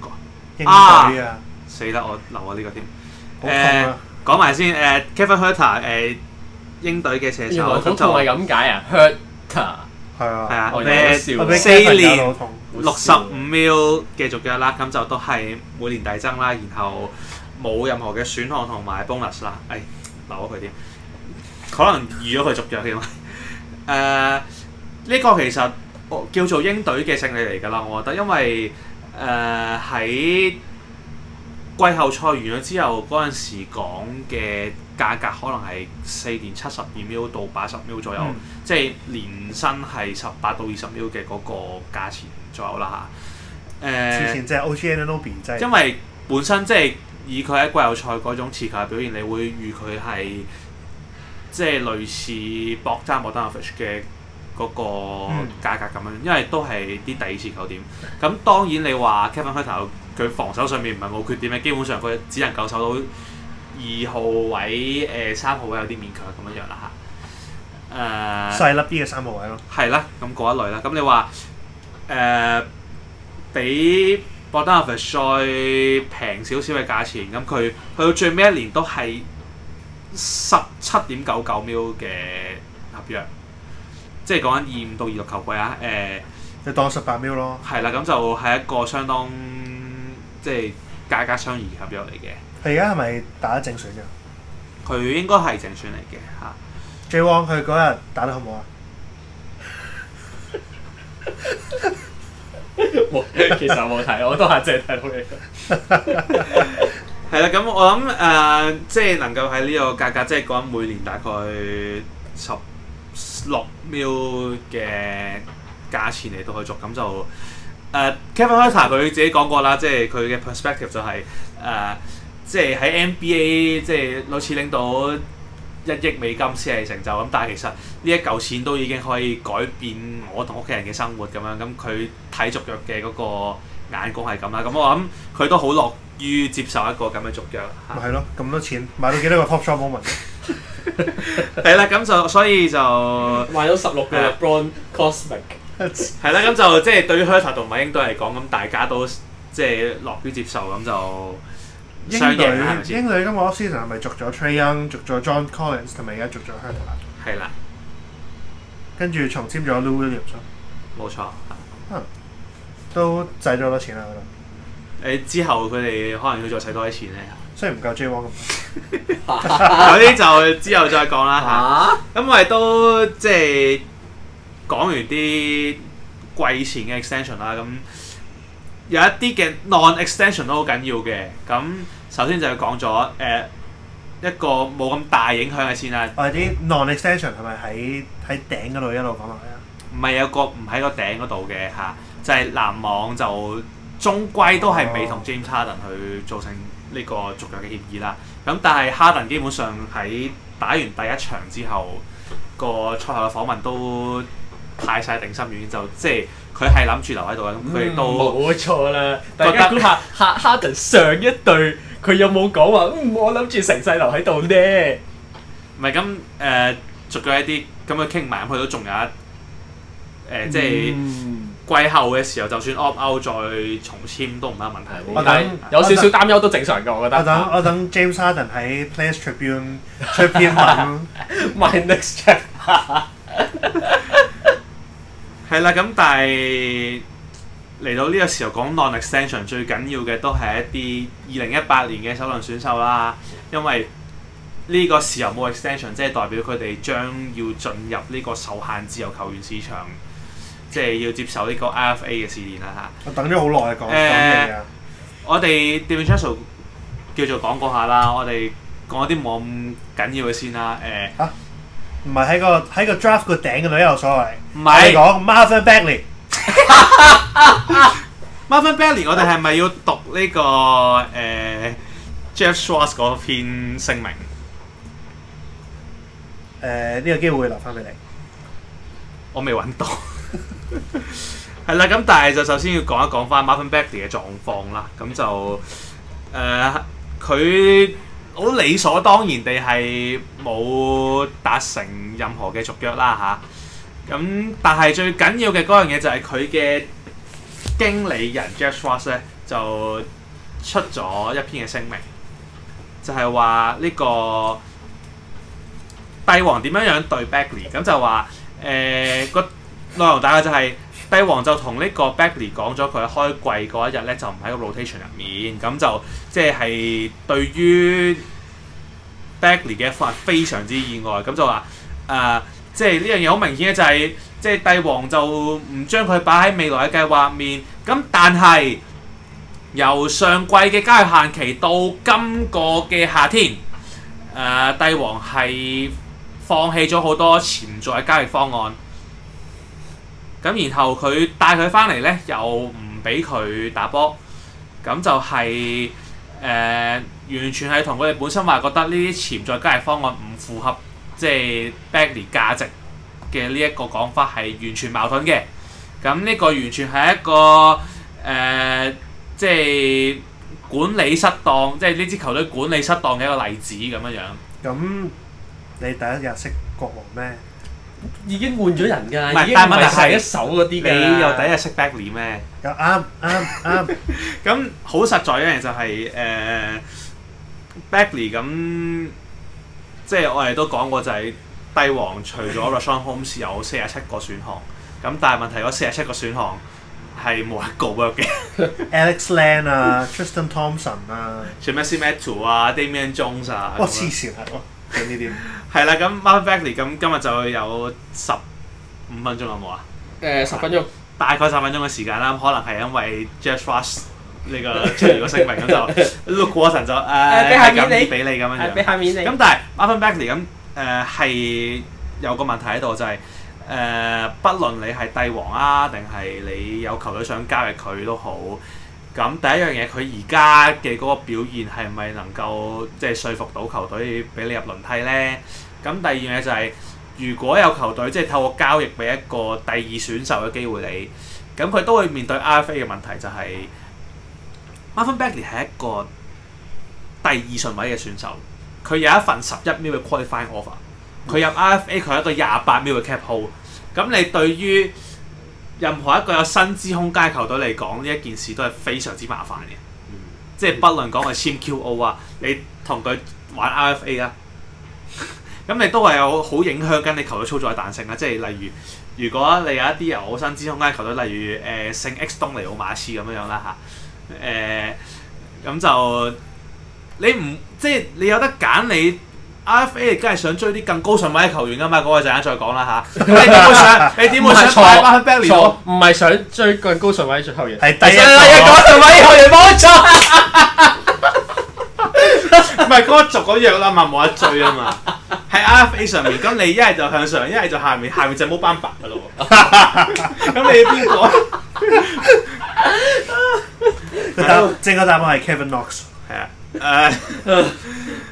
邊、啊啊啊、個、啊呃呃 ter，呃？鷹隊啊！死得我留我呢個添。誒講埋先誒，Kevin Huerter 誒鷹隊嘅射手。咁痛係咁解啊？係啊，係啊，咩四年六十五秒繼續嘅啦，咁就都係每年遞增啦，然後冇任何嘅選項同埋 bonus 啦，誒、哎、留咗佢啲，可能預咗佢續約添。誒 呢、呃這個其實我叫做鷹隊嘅勝利嚟噶啦，我覺得，因為誒喺、呃、季後賽完咗之後嗰陣時講嘅價格，可能係四年七十二秒到八十秒左右。嗯即係年薪係十八到二十秒嘅嗰個價錢左右啦嚇。誒、呃，之前即係 OGN 都比即係，因為本身即係以佢喺季後賽嗰種持球嘅表現，你會預佢係即係類似博爭博登阿福嘅嗰個價格咁樣，嗯、因為都係啲第二次球點。咁當然你話 Kevin Huerter 佢防守上面唔係冇缺點嘅，基本上佢只能夠守到二號位，誒三、呃、號位有啲勉強咁樣樣啦嚇。啊細粒啲嘅三個位咯，係啦、uh, so 啊，咁嗰一類啦。咁你話誒、呃，比博登阿弗再平少少嘅價錢，咁佢去到最尾一年都係十七點九九秒嘅合約，即係講緊二五到二六球季啊。誒、呃，即係當十八秒咯。係啦、啊，咁就係一個相當即係價格相宜合約嚟嘅。佢而家係咪打得正選啫？佢應該係正選嚟嘅嚇。啊期望佢嗰日打得好唔好啊？冇， 其實我冇睇，我都係淨係睇到佢、 嗯。係啦，咁我諗誒，即、呃、係、就是、能夠喺呢個價格，即係講每年大概十六秒嘅價錢嚟到去做，咁就誒、呃、Kevin Huerter 佢自己講過啦，即係佢嘅 perspective 就係、是、誒、就是，即係喺 NBA 即係攞次領到。一億美金先係成就咁，但係其實呢一嚿錢都已經可以改變我同屋企人嘅生活咁樣。咁佢睇續約嘅嗰個眼光係咁啦。咁我諗佢都好樂於接受一個咁嘅續約。咪係咯，咁多錢買到幾多個 Top Shot moment？係啦， 咁就所以就買咗十六嘅 Bron Cosmic。係啦，咁就即係對於凱撒同馬英都嚟講，咁大家都即係、就係、樂於接受咁就。鷹隊，鷹隊今個 extension 係咪續咗 Trae Young，續咗 John Collins，同埋而家續咗 Huerter？係啦，跟住重簽咗 Lou Williams 冇錯，嗯、都使咗好多錢啦。誒、欸，之後佢哋可能要再使多啲錢咧。雖然唔夠 JW 咁，嗰啲就之後再講啦吓，咁我哋都即係、就是、講完啲貴錢嘅 extension 啦，咁。有一啲嘅 non-extension 都好緊要嘅，咁首先就要講咗誒一個冇咁大影響嘅先啦。或者 non-extension 係咪喺喺頂嗰度一路講落去啊？唔係有個唔喺個頂嗰度嘅吓，就係、是、籃網就終歸都係未同 James Harden 去做成呢個續約嘅協議啦。咁、oh. 但係 Harden 基本上喺打完第一場之後，個賽後嘅訪問都派晒定心丸，就即係。就是佢係諗住留喺度嘅，咁佢都冇錯啦。大家估下哈哈登上一隊佢有冇講話？嗯，我諗住成世留喺度咧。唔係咁誒，續咗一啲咁樣傾埋，去都仲有一誒，即係季後嘅時候，就算 opt out 再重簽都唔係問題。我等有少少擔憂都正常嘅，我覺得。我等 James Harden 喺 Players Tribune 出片啊！My next 係啦，咁但係嚟到呢個時候講 non extension 最緊要嘅都係一啲二零一八年嘅首輪選秀啦，因為呢個時候冇 extension 即係代表佢哋將要進入呢個受限自由球員市場，即、就、係、是、要接受呢個 IFA 嘅試練啦嚇、啊呃。我等咗好耐講講嘢我哋 d i m i t r i j e 叫做講講下啦，我哋講一啲冇咁緊要嘅先啦，誒、呃。啊唔係喺個喺個 draft 個頂嗰度有所謂，唔係講 Marvin Bagley。Marvin Bagley，我哋係咪要讀呢個誒 Jeff Schwartz 嗰篇聲明？誒呢個機會留翻俾你，我未揾到。係啦，咁但係就首先要講一講翻 Marvin Bagley 嘅狀況啦。咁就誒佢。好理所當然地係冇達成任何嘅續約啦吓，咁、啊、但係最緊要嘅嗰樣嘢就係佢嘅經理人 Jeff Ross 咧就出咗一篇嘅聲明，就係話呢個帝王點樣樣對 Bagley，咁就話誒個內容大概就係、是。帝王就同呢個 Bagley 講咗，佢開季嗰一日咧就唔喺個 rotation 入面，咁就即係、就是、對於 Bagley 嘅一方非常之意外，咁就話誒，即係呢樣嘢好明顯嘅就係、是，即、就、係、是、帝王就唔將佢擺喺未來嘅計劃面，咁但係由上季嘅交易限期到今個嘅夏天，誒、呃、帝王係放棄咗好多潛在嘅交易方案。咁然後佢帶佢翻嚟呢，又唔俾佢打波，咁就係、是、誒、呃、完全係同佢哋本身話覺得呢啲潛在交易方案唔符合即係、就是、Ben 嘅價值嘅呢一個講法係完全矛盾嘅。咁呢個完全係一個誒即係管理失當，即係呢支球隊管理失當嘅一個例子咁樣樣。咁你第一日識國王咩？已經換咗人㗎，唔係，但係問題係一手嗰啲嘅。你又第一日識 Bagley 咩？又啱啱啱。咁好實在一樣嘢就係誒 Bagley 咁，即係我哋都講過就係帝王除咗 Richaun Holmes 有四十七個選項，咁但係問題嗰四十七個選項係冇一個 work 嘅。Alex Len 啊，Tristan Thompson 啊，Chimezie Metu 啊，Damian Jones 啊，哇黐線係喎。呢啲係啦，咁 Marvin Bagley 咁今日就有十五分鐘有冇啊？誒，十分鐘， 大概十分鐘嘅時間啦，可能係因為 Jeff Rush 呢個出嚟嘅聲明咁就略過神就誒減啲俾你咁樣樣，俾你、啊、下面你。咁但係 Marvin Bagley 咁誒係有個問題喺度就係、是、誒、啊，不論你係帝王啊，定係你有球隊想加入佢都好。咁第一樣嘢，佢而家嘅嗰個表現係咪能夠即係說服到球隊俾你入輪替呢？咁第二樣嘢就係、是、如果有球隊即係透過交易俾一個第二選手嘅機會你，咁佢都會面對 RFA 嘅問題、就係，就係 Marvin Bagley 係一個第二順位嘅選手，佢有一份十一秒嘅 Qualifying Offer，佢入 RFA 佢係一個廿八秒嘅 Cap Hold，咁你對於任何一個有薪資空間球隊嚟講，呢一件事都係非常之麻煩嘅。嗯、即係不論講係簽 QO 啊，你同佢玩 RFA 啊，咁 你都係有好影響緊你球隊操作嘅彈性啦、啊。即係例如，如果你有一啲有好薪資空間球隊，例如誒聖、呃、X 東尼奧馬斯咁樣樣啦吓，誒、呃、咁就你唔即係你有得揀你。阿飛，梗係想追啲更高順位嘅球員噶嘛？嗰位陣間再講啦嚇，你點會想？你點會想買班巴？唔係想追更高順位嘅球員，係第一、第二個順位球員冇錯。唔係續約嗰樣啊嘛，冇得追啊嘛。喺阿飛上面，咁你一係就向上，一係就下面，下面就冇班巴噶咯。咁你邊個？正個答案係 Kevin Knox，係啊。誒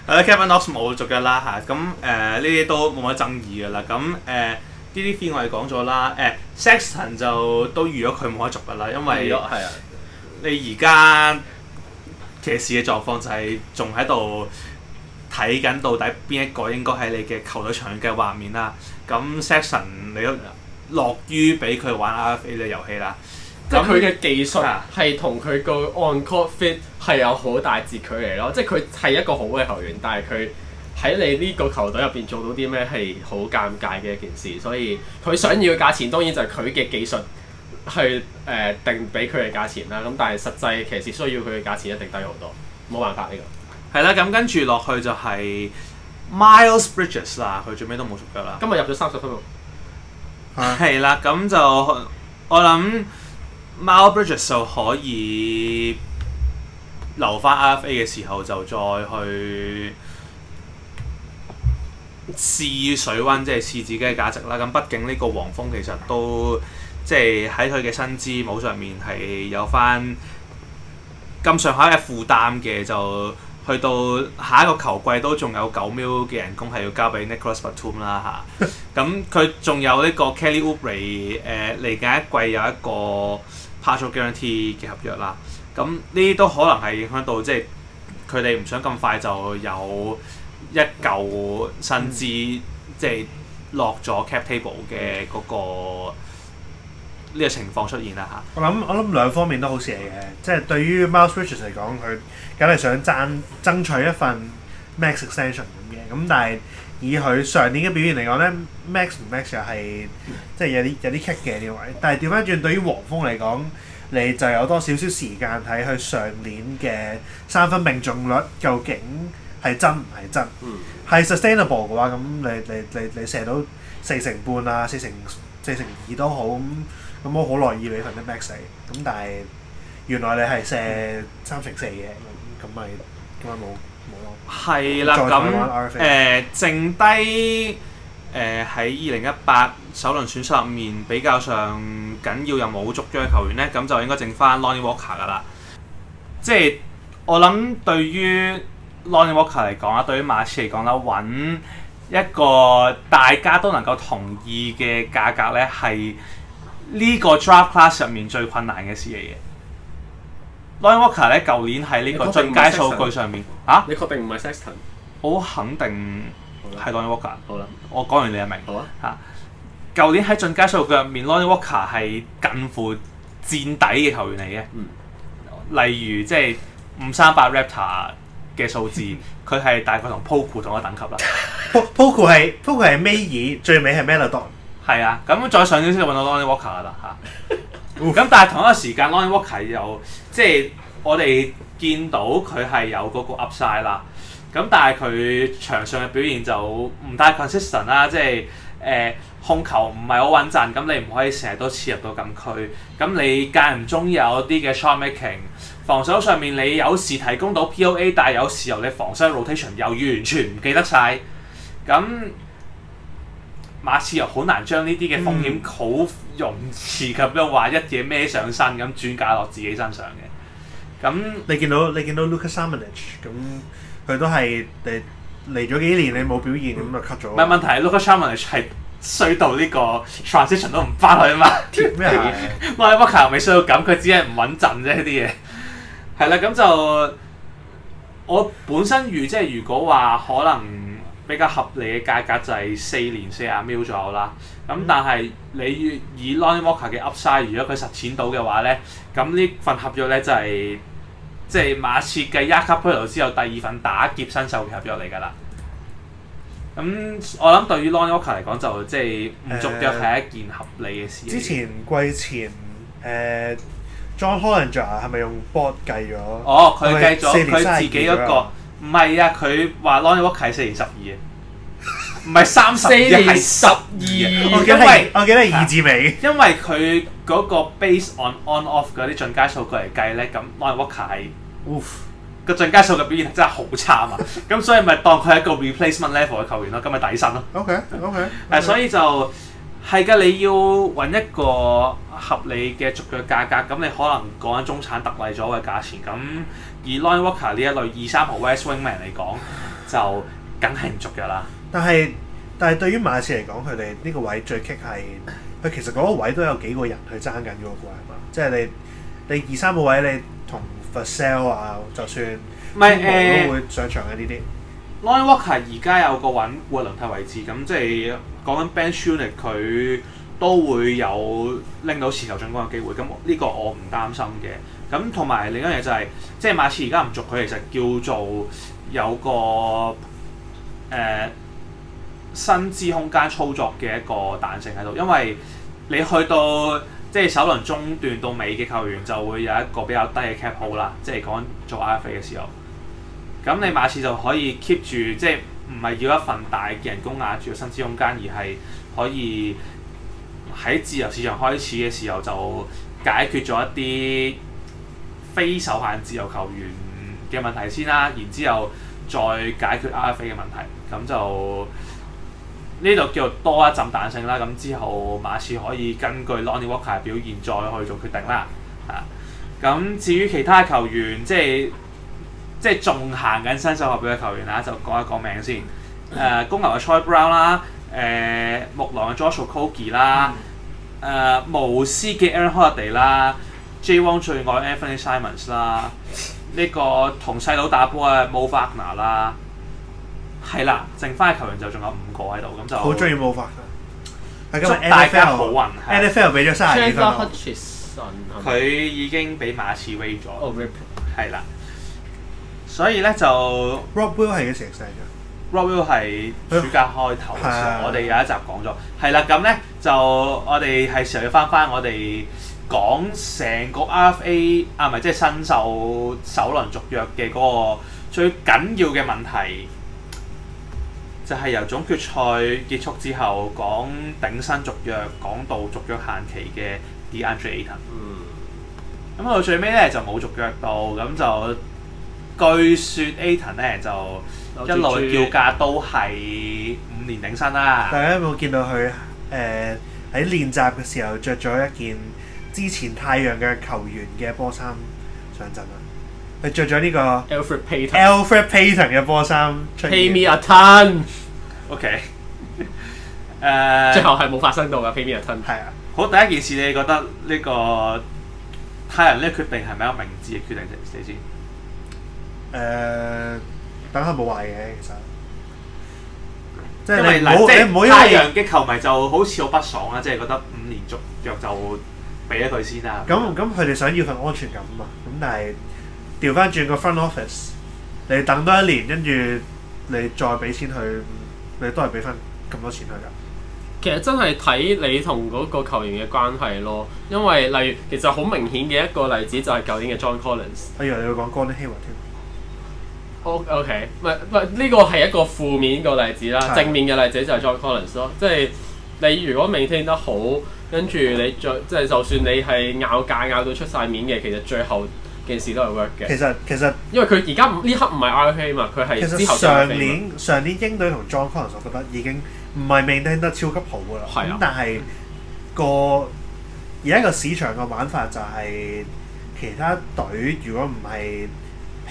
係 Kevin Knox 冇得續嘅啦嚇，咁誒呢啲都冇乜爭議嘅啦，咁誒呢啲 free 我哋講咗啦，誒 Sexton 就都預咗佢冇得續嘅啦，因為係啊，你而家騎士嘅狀況就係仲喺度睇緊到底邊一個應該喺你嘅球隊長遠嘅畫面啦，咁、uh, Sexton 你都落於俾佢玩 RFA 嘅遊戲啦。咁佢嘅技術係同佢個 on-court fit 係有好大截距離咯，即係佢係一個好嘅球員，但係佢喺你呢個球隊入邊做到啲咩係好尷尬嘅一件事，所以佢想要嘅價錢當然就係佢嘅技術去誒、呃、定俾佢嘅價錢啦。咁但係實際其實需要佢嘅價錢一定低好多，冇辦法呢、這個係啦。咁跟住落去就係 Miles Bridges 啦，佢最尾都冇續得啦。今日入咗三十分鐘係啦，咁、啊、就我諗。Miles Bridges 就可以留翻 RFA 嘅時候就再去試水溫，即係試自己嘅價值啦。咁畢竟呢個黃蜂其實都即係喺佢嘅薪資帽上面係有翻咁上下嘅負擔嘅，就去到下一個球季都仲有九秒嘅人工係要交俾 Nicolas Batum 啦嚇。咁佢仲有呢個 Kelly Oubre 誒、呃、嚟緊一季有一個，Partial guarantee 嘅合約啦，咁呢啲都可能係影響到，即係佢哋唔想咁快就有一嚿甚至即係落咗 cap table 嘅嗰、嗰個呢、嗯、個情況出現啦嚇。我諗我諗兩方面都好事嚟嘅，嗯、即係對於 Miles Richards 嚟講，佢梗係想爭爭取一份 max extension 咁嘅，咁但係。以佢上年嘅表現嚟講咧，max 唔 max 又係即係有啲有啲棘嘅呢位。但係掉返轉對於黃蜂嚟講，你就有多少少時間睇佢上年嘅三分命中率究竟係真唔係真？係、嗯、sustainable 嘅話，咁你你你你射到四成半啊，四成四成二都好，咁、嗯、咁我好樂意俾份得 max。咁但係原來你係射三成四嘅，咁咁咪點解冇。係啦，咁誒、呃，剩低誒，喺二零一八首輪選手入面比較上緊要又冇足將嘅球員咧，咁就應該剩翻 Lonnie Walker 噶啦。即係我諗，對於 Lonnie Walker 嚟講啊，對於馬刺嚟講啦，揾一個大家都能夠同意嘅價格咧，係呢個 draft class 入面最困難嘅事嚟嘅。Lonnie Walker 咧，舊年喺呢個進階數據上面，嚇？你確定唔係 Sexton？好肯定係 Lonnie Walker 好了。好啦，我講完你就明。好啊了。嚇！舊年喺進階數據入面，Lonnie Walker 係近乎墊底嘅球員嚟嘅。嗯。例如即係、就、五、是、三八 Raptor 嘅數字，佢係 大概同 Poco 同一等級啦。Poco 係 Poco 係 May 二，e, 最尾係 Maledon 係啊，咁再上少少就揾到 Lonnie Walker 啦嚇。咁、啊、 但係同一個時間 Lonnie Walker 又～即係我哋見到佢係有嗰個，個 Upside 啦，咁但係佢場上嘅表現就唔太 Consistent 啦。即係、呃、控球唔係好穩陣，咁你唔可以成日都切入到禁區。咁你間唔中意有啲嘅 Shot Making，防守上面你有時提供到 POA，但係有時候你防守 Rotation 又完全唔記得晒。咁馬刺又好難將呢啲嘅風險好容易咁話一嘢孭上身咁轉嫁落自己身上嘅。咁你見到你見到 Luka Samanic 咁，佢都係嚟嚟咗幾年，你冇表現，咁就 cut 咗。但係、嗯、問題 Luka Samanic 係衰到呢個 transition 都唔翻去啊嘛。咩啊？Mike Walker 未衰到咁，佢、 嗯、 只係唔穩陣啫呢啲嘢。係啦，咁 就我本身預即係如果話可能。比較合理嘅價格就係四年四啊秒左右啦。咁但係你以 Lonnie Walker 嘅 Upside，如果佢實踐到嘅話咧，咁呢份合約咧就係即係馬切嘅一級球員之後第二份打劫新秀嘅合約嚟㗎啦。咁我諗對於 Lonnie Walker 嚟講就即係唔續約係一件合理嘅事，呃。之前季前誒、呃、John Hollinger 啊係咪用 board 計咗？哦，佢計咗佢自己一個。唔係啊，佢話 Long Walker 係四年十二啊，唔係三十四，係十二。我記得因為我記得二字尾。是因為佢嗰個 base on on off 嗰啲進階數據嚟計咧，咁 Long Walker 係個進階數嘅表現真係好差啊嘛，咁 所以咪當佢係一個 replacement level 嘅球員咯，咁咪底薪咯。OK OK，誒、okay. 啊，所以就。Okay. 係噶，你要揾一個合理嘅續約價格，咁你可能講緊中產特例咗嘅價錢。咁而 Line Walker 呢一類二三號 Swing man 嚟講， 就梗係唔續約啦。但係但係對於馬刺嚟講，佢哋呢個位最棘係，佢其實嗰個位都有幾個人去爭緊嗰個位嘛。即係你你二三個位，你同 For Sale 啊，就算天王都會上場嘅呢啲。呃、些 Line Walker 而家有個穩固輪替位置，咁即係。講緊 bench unit 佢都會有拎到持球進攻嘅機會，咁、這、呢個我唔擔心嘅。咁同埋另一樣嘢就係、是，即係馬刺而家唔續佢，其實叫做有個誒薪資空間操作嘅一個彈性喺度，因為你去到即係首輪中段到尾嘅球員就會有一個比較低嘅 cap hold 啦，即係講做 RFA 嘅時候，咁你馬刺就可以 keep 住即係。唔係要一份大嘅人工壓住個薪資空間，而係可以喺自由市場開始嘅時候就解決咗一啲非受限自由球員嘅問題先啦，然之後再解決 RFA 嘅問題。咁就呢度叫做多一陣彈性啦。咁之後馬刺可以根據 Lonnie Walker 表現再去做決定啦。啊，咁至於其他球員即係。即係仲行緊新秀合約嘅球員啦，就講一講名先。誒、呃、公牛嘅 Troy Brown 啦、呃，誒木狼嘅 Josh Okogie 啦、呃，誒巫師嘅 Aaron Holiday 啦，J. 汪最愛 Anfernee Simons 啦，呢個同細佬打波嘅 Mo Wagner 啦，係、啊、啦，剩翻嘅球員就仲有五個喺度，咁就好中意 Mo Wagner 帶翻好運，Anthony 俾咗曬㗎啦。佢已經俾馬刺 waive 咗，係啦。所以咧就，Rob Will 係幾成嘅？Rob Will 係暑假開頭嘅時候。 我哋有一集講咗。係啦， 咁咧就我哋係時候要翻翻我哋講成個 RFA 啊，唔係即係新秀首輪續約嘅嗰個最緊要嘅問題，就係、是、由總決賽結束之後講頂薪續約講到續約限期嘅 deadline 啊嗯。咁到最尾咧就冇續約到，咁就。據說 Ayton、e、咧就一來叫價都係五年頂薪啦。大家有冇見到佢誒喺練習嘅時候着咗一件之前太陽嘅球員嘅波衫上陣啊？佢着咗呢個 Alfred Payton 嘅波衫。Pay me a ton。OK。誒，最後係冇發生到嘅。Pay me a ton。係啊。好，第一件事你覺得呢、這個太陽呢個決定係咪一個明智嘅決定？你先。誒、uh，等下冇壞嘅，其實即係你唔好為即係。太陽嘅球迷就好似好不爽啦，啊，即係覺得五年續約就俾咗佢先啦，啊。咁咁樣，佢哋樣想要份安全感啊嘛。咁但係調翻轉個 front office，你等多一年，跟住你再俾錢去，你都係俾翻咁多錢佢噶。其實真係睇你同嗰個球員嘅關係咯，因為例如其實好明顯嘅一個例子就係舊年嘅 John Collins。哎呀，你會講 John Hill 啊？O O K，呢個係一個負面個例子啦。正面嘅例子就係 John Collins 咯， 即係你如果 maintain 得好，跟住你最即係就算你係拗價拗到出晒面嘅，其實最後件事都係 work 嘅。其實其實因為佢而家呢刻唔係 RK 嘛，佢係上年嘛上年鷹隊同 John Collins，我覺得已經唔係 maintain 得超級好噶啦。係啊，但係個而家個市場個玩法就係其他隊如果唔係。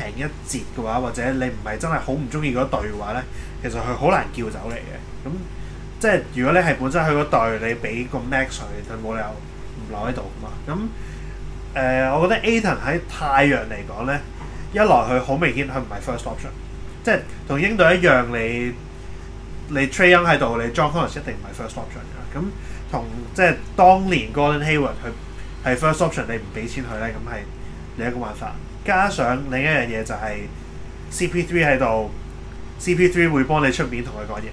平一截嘅話，或者你唔係真係好唔中意嗰隊嘅話咧，其實佢好難叫走嚟嘅。咁即係如果你係本身佢嗰隊，你俾個 max 佢，佢冇理由唔留喺度噶嘛。咁誒、呃，我覺得 A t n 喺太陽嚟講咧，一來佢好明顯佢唔係 first option，即係同英隊一樣，你你 training 喺度，你 join 可能一定唔係 first option 嘅。咁同即係當年 g o r d o n Hayward 佢係 first option，你唔俾錢佢咧，咁係另一個玩法。加上另一樣嘢就係 CP3 喺度，CP3 會幫你出面同佢講嘢。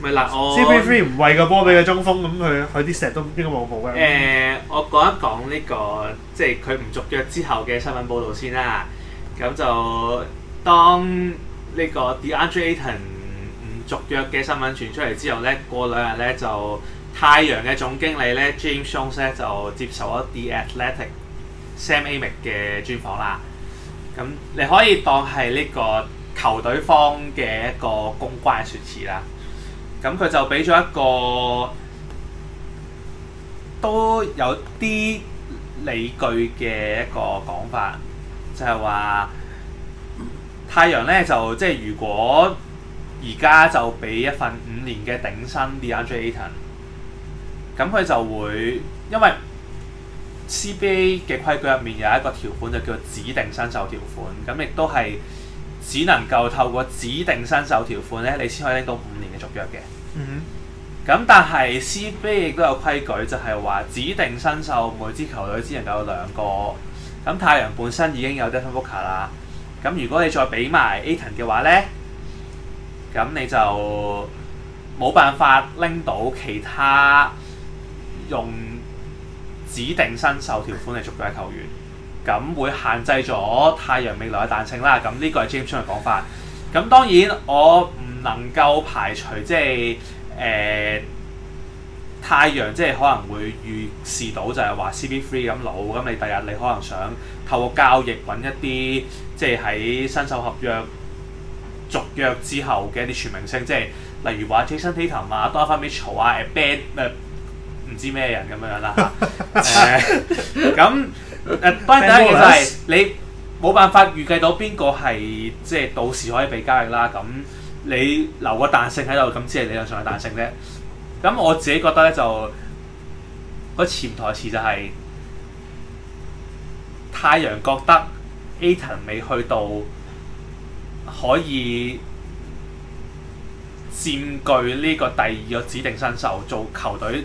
咪嗱，我 CP3 唔為個波畀佢中鋒咁，佢佢啲石都應該冇冇㗎。誒、呃，我講一講呢、呢個即係佢唔續約之後嘅新聞報導先啦。咁就當呢個 DeAndre Ayton 唔續約嘅新聞傳出嚟之後咧，過兩日咧就太陽嘅總經理咧 James Jones 咧就接受咗 The Athletic Sam Amick 嘅專訪啦，咁你可以當係呢個球隊方嘅一個公關説辭啦。咁佢就俾咗一個都有啲理據嘅一個講法，就係話太陽咧就即係如果而家就俾一份五年嘅頂薪，DeAndre Ayton，咁佢就會因為。CBA 嘅規矩入面有一個條款，就叫做指定新秀條款，咁亦都係只能夠透過指定新秀條款咧，你先可以拎到五年嘅續約嘅。嗯、mm，咁、hmm. 但係 CBA 亦都有規矩，就係、是、話指定新秀每支球隊只能夠兩個。咁太陽本身已經有 Different o 得 k e r 啦，咁如果你再俾埋 A 滕嘅話咧，咁你就冇辦法拎到其他用。指定新秀條款係續約嘅球員，咁會限制咗太陽未來嘅彈性啦。咁呢個係 James 嘅講法。咁當然我唔能夠排除，即係誒、呃、太陽即係可能會預示到，就係話 CB3 咁老，咁你第日你可能想透過交易揾一啲即係喺新秀合約續約之後嘅一啲全明星，即係例如話 Jason Tatum 啊，Donovan Mitchell 啊，誒 Ben 誒。唔知咩人咁樣啦嚇，咁誒，但係其實就係你冇辦法預計到邊個係即係到時可以被交易啦。咁你留個彈性喺度，咁先係理論上係彈性啫。咁我自己覺得咧，就嗰潛台詞就係，太陽覺得 Ayton 未去到可以佔據呢個第二個指定新秀做球隊，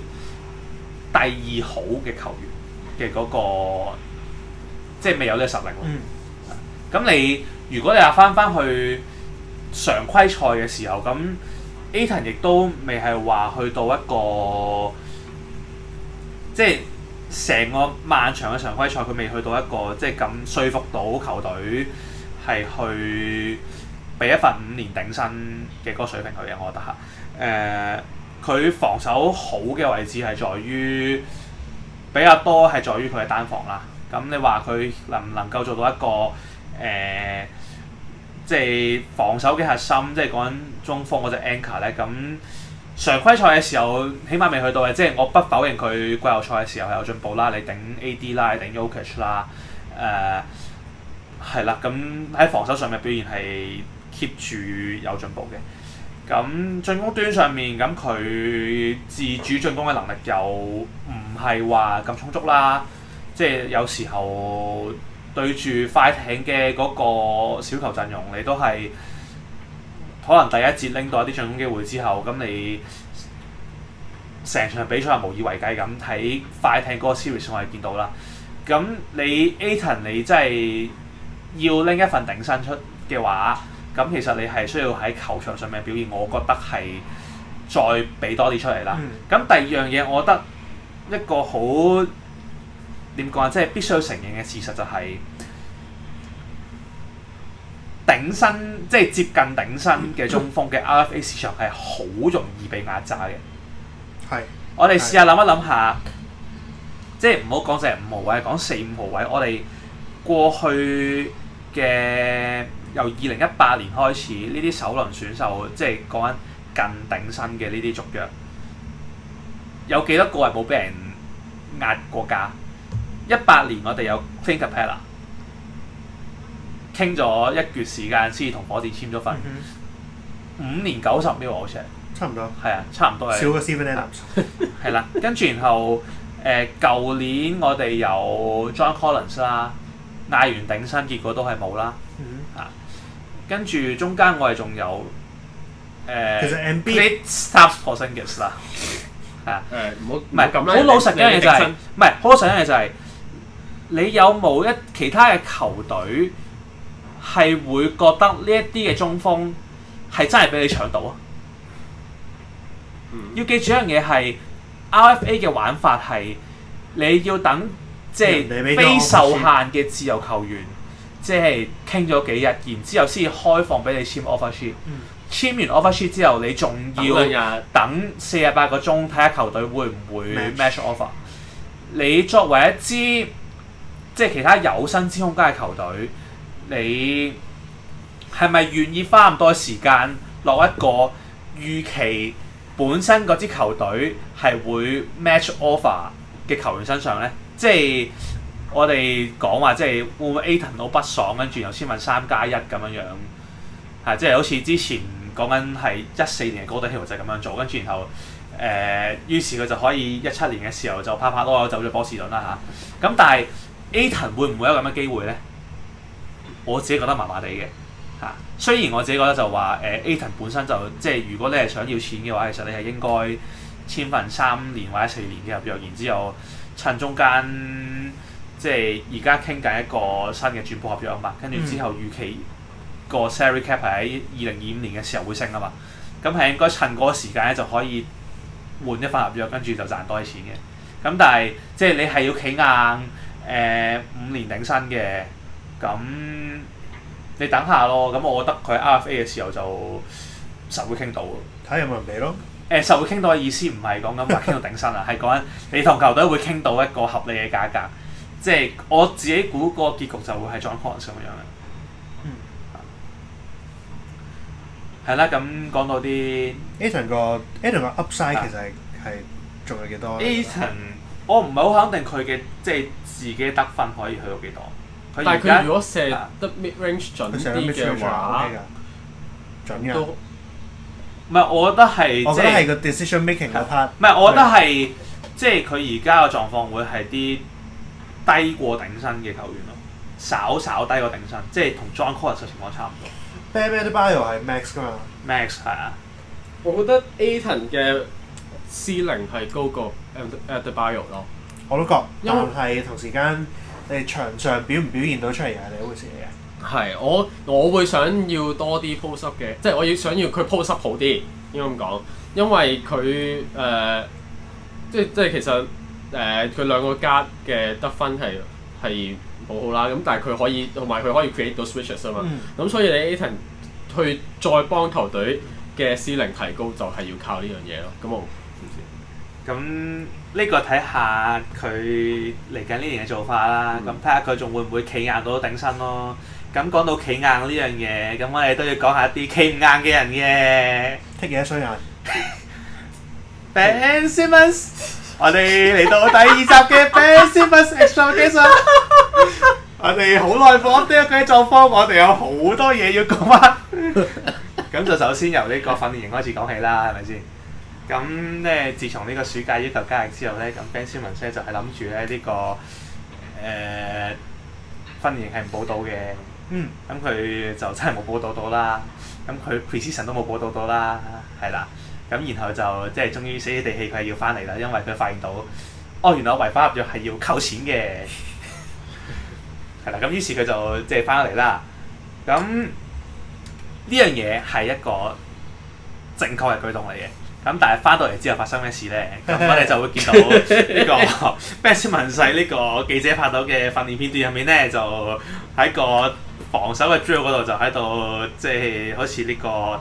第二好嘅球員嘅嗰個，即係未有呢個實力咯。咁、嗯、你如果你話返返去常規賽嘅時候，咁 Ayton 亦都未係話去到一個，即係成個漫長嘅常規賽，佢未去到一個即係咁說服到球隊係去俾一份五年頂薪嘅嗰個水平去嘅，我覺得嚇誒。呃佢防守好嘅位置係在於比較多係在於佢嘅單防啦。咁你話佢能唔能夠做到一個誒、呃，即係防守嘅核心，即係講緊中鋒嗰隻 anchor 咧。咁常規賽嘅時候，起碼未去到嘅，即係我不否認佢季後賽嘅時候係有進步啦。你頂 AD 啦，你頂 Jokic 啦，誒、呃、係啦。咁喺防守上面表現係 keep 住有進步嘅。咁進攻端上面，咁佢自主進攻嘅能力又唔係話咁充足啦。即係有時候對住快艇嘅嗰個小球陣容，你都係可能第一節拎到一啲進攻機會之後，咁你成場比賽係無以為繼咁。喺快艇嗰個 series 我係見到啦。咁你 Ayton 你真係要拎一份頂薪出嘅話。咁其實你係需要喺球場上面表現，我覺得係再俾多啲出嚟啦。咁、嗯、第二樣嘢，我覺得一個好點講啊，即係必須要承認嘅事實就係頂薪，即係接近頂薪嘅中鋒嘅 RFA 市場係好容易被壓榨嘅。係。是，我哋試下諗一諗下，是即係唔好講成五號位，講四五號位，我哋過去嘅。由二零一八年開始，呢啲首輪選秀即係講緊近頂薪嘅呢啲續約，有幾多個係冇俾人壓過價？一八年我哋有 Clint Capela 傾咗一段時間，先至同火箭簽咗份五年九十秒，好似係差唔多，係啊，差唔多少個 seven 係啦。跟住、啊、然後誒，舊、呃、年我哋有 John Collins 啦，嗌完頂薪結果都係冇啦。跟住中間我哋仲有，誒、呃，其實 NBA stops passing gas 啦，係啊，誒唔好，唔係好老實嘅嘢，就係唔係好老實嘅嘢就係，你有冇一其他嘅球隊係會覺得呢一啲嘅中鋒係真係俾你搶到啊？嗯、要記住一樣嘢係 R F A 嘅玩法係你要等即係、即係、非受限嘅自由球員。嗯即係傾咗幾日，然之後先至開放俾你簽 offer sheet。簽、嗯、完 offer sheet 之後，你仲要等四十八個鐘，睇下球隊會唔會 match offer。你作為一支即係其他有薪資空間嘅球隊，你係咪願意花咁多時間落一個預期本身嗰支球隊係會 match offer 嘅球員身上呢？即係。我哋講話即係會唔會 Ayton 好不爽，跟住又簽份三加一咁樣樣，嚇，即、就、係、是、好似之前講緊係一四年嘅嗰堆球就係、是、咁樣做，跟住然後誒，於、呃、是佢就可以一七年嘅時候就啪啪囉走咗波士頓啦嚇。咁、啊、但係 Ayton 會唔會有咁嘅機會咧？我自己覺得麻麻地嘅嚇。雖然我自己覺得就話誒、呃、Ayton 本身就即係如果你係想要錢嘅話，其實你係應該簽份三年或者四年嘅合約，然之後趁中間。即係而家傾緊一個新嘅轉播合約啊嘛，跟住之後預期、嗯、個 salary cap 喺二零二五年嘅時候會升啊嘛，咁係應該趁嗰個時間咧就可以換一份合約，跟住就賺多啲錢嘅。咁但係即係你係要企硬誒、呃、五年頂薪嘅，咁你等下咯。咁我覺得佢 RFA 嘅時候就實會傾到。睇下有冇人俾咯。誒實會傾到嘅意思唔係講緊話傾到頂薪啊，係講緊你同球隊會傾到一個合理嘅價格。即係我自己估個結局就會係狀況上咁樣嘅。嗯。係啦，咁講到啲 Ayton 個 Ayton 嘅 Upside 其實係係仲有幾多？Ayton 我唔係好肯定佢嘅即係自己得分可以去到幾多。但係佢如果射得 Mid Range 準啲嘅話，準都唔係。我覺得係，我覺得係個 Decision Making 嗰 part。唔係，我覺得係即係佢而家嘅狀況會係啲。低過頂薪嘅球員咯，稍稍低過頂薪，即係同 John Collins 嘅情況差唔多。Bam Adebayo 係 Max 㗎嘛？Max 係啊，我覺得、e、Ayton 嘅 C 零係高過 Adebayo 咯。我都覺，但係同時間為你場上表唔表現到出嚟嘅嘢，你會食嘅。係，我我會想要多啲 post up 嘅，即係我要想要佢 post up 好啲，應該咁講，因為佢誒、呃、即即係其實。誒佢兩個 guard 嘅得分係係好好啦，咁但係佢可以同埋佢可以 create 到 switches 啊嘛，咁、嗯、所以你 Ayton 去再幫球隊嘅司令提高，就係要靠呢樣嘢咯。咁我唔知。咁呢、嗯嗯、個睇下佢嚟緊呢年嘅做法啦，咁睇下佢仲會唔會企硬到頂身咯。咁講到企硬呢樣嘢，咁我哋都要講下啲企唔硬嘅人嘅。睇幾多雙眼？Ben Simmons. 我哋嚟到第二集嘅 Ben Simmons Exclusion，我哋好耐冇呢個狀況，我哋有好多嘢要講啊！咁 就首先由呢個訓練營開始講起啦，係咪先？咁咧，自從呢個暑假要求加熱之後咧，咁 Ben Simmons 就係諗住咧呢個誒訓練營係唔報到嘅，嗯，咁佢就真係冇報到到啦。咁佢 Preseason 都冇報到到啦，係啦。咁然後就即係終於死死地氣佢要翻嚟啦，因為佢發現到哦，原來違反合約係要扣錢嘅，係 啦。咁於是佢就即係翻嚟啦。咁呢樣嘢係一個正確嘅舉動嚟嘅。咁但係翻到嚟之後發生咩事咧？咁我哋就會見到呢個 Benjamin 呢個記者拍到嘅訓練片段入面咧，就喺個防守嘅 drill 嗰度就喺度即係好似呢個。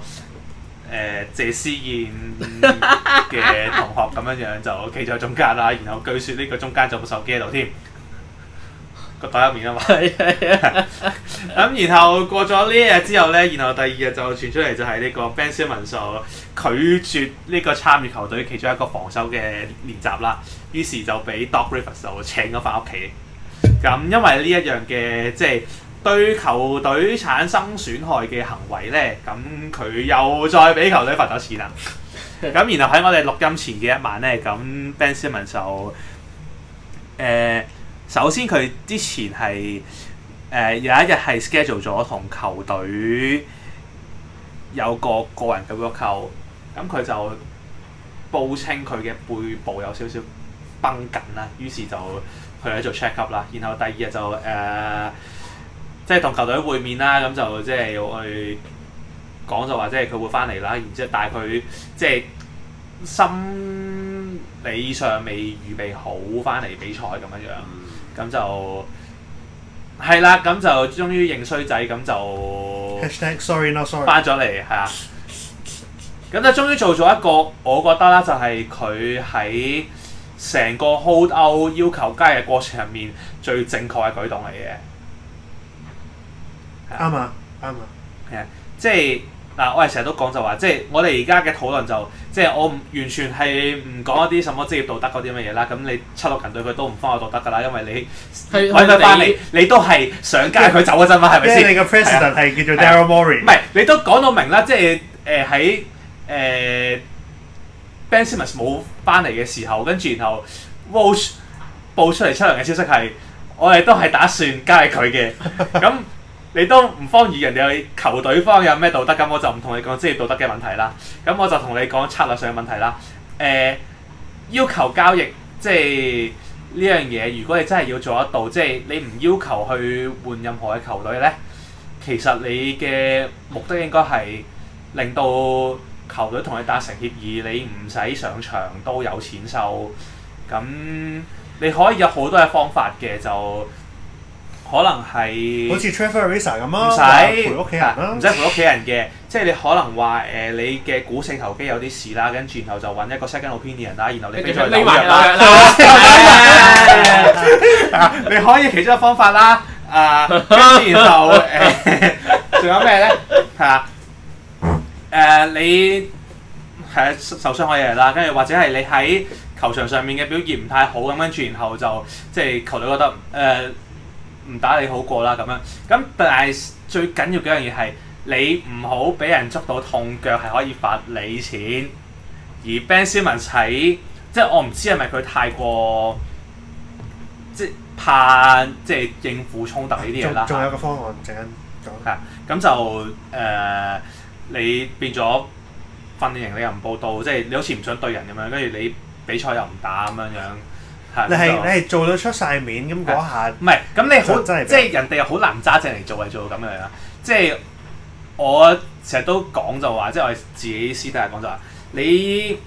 誒、呃、謝思燕嘅同學咁樣樣就企咗喺中間啦，然後據說呢個中間就有部手機喺度添，個袋入面啊嘛。咁、 嗯、然後過咗呢日之後咧，然後第二日就傳出嚟就係呢個 Ben Simmons 拒絕呢個參與球隊其中一個防守嘅練習啦，於是就俾 Doc Rivers 就請咗翻屋企。咁、嗯、因為呢一樣嘅即係。對球隊產生損害嘅行為呢，咁佢又再俾球隊罰咗錢啦。咁 然後喺我哋錄音前嘅一晚呢，咁 Ben Simmons 就誒、呃、首先佢之前係誒、呃、有一日係 schedule 咗同球隊有個個人嘅 workout，咁佢就報稱佢嘅背部有少少崩緊啦，於是就去咗做 check up 啦。然後第二日就誒。呃。即係同球隊會面啦，咁就即係要去講就話，即係佢會翻嚟啦。然之後帶佢，即係心理上未預備好翻嚟比賽咁樣樣，咁就係啦。咁就終於認衰仔，咁就 sorry not sorry 翻咗嚟，係啊。咁就終於做咗一個，我覺得啦，就係佢喺成個 hold out 要求交易過程入面最正確嘅舉動嚟嘅。啱、就是、啊！啱啊！係啊，即係嗱，我哋成日都講就話，即係我哋而家嘅討論就即係、就是、我唔完全係唔講一啲什麼職業道德嗰啲咁嘅嘢啦。咁你七六人對佢都唔符合道德噶啦，因為你揾佢翻嚟，你都係想加佢走嗰陣嘛，係咪先？你個 president 係叫做 Daryl Morey，唔係你都講到明啦，即係誒喺誒 Ben Simmons 冇翻嚟嘅時候，跟住然後 Woj 爆出嚟出糧嘅消息係我哋都係打算加佢嘅咁。你都唔方便人哋去求對方有咩道德，咁我就唔同你講職業道德嘅問題啦。咁我就同你講策略上嘅問題啦。誒、呃，要求交易即係呢樣嘢，如果你真係要做得到，即係你唔要求去換任何嘅球隊呢，其實你嘅目的應該係令到球隊同你達成協議，你唔使上場都有錢收。咁你可以有好多嘅方法嘅就。可能係好似 traveler 咁啊，唔使用陪屋企人唔、啊、使陪屋企人嘅，即係你可能話誒、呃，你嘅股四頭肌有啲事啦，跟住然後就揾一個 second opinion 啦，然後你飛出去紐約啦，你可以其中一個方法啦，誒、呃，跟住然後誒，仲有咩咧？係啊，誒，你係受傷嗰日啦，跟住或者係你喺球場上面嘅表現唔太好咁，跟住然後就，然後就即係球隊覺得誒。呃呃呃唔打你好過啦咁樣，咁但係最緊要幾樣嘢係你唔好俾人捉到痛腳，係可以罰你錢。而 Ben Simmons 喺即係我唔知係咪佢太過即係怕即係應付衝突呢啲嘢啦。仲有一個方案，陣間講。嚇，咁就誒、呃、你變咗訓練營你又唔報到，即係你好似唔想對人咁樣，跟住你比賽又唔打咁樣樣。你係你係做到出晒面咁嗰下，唔係咁你好，即係人哋又好難揸正嚟做，嚟做到咁樣啦。即係我成日都講就話，即係我自己私底下講就話，你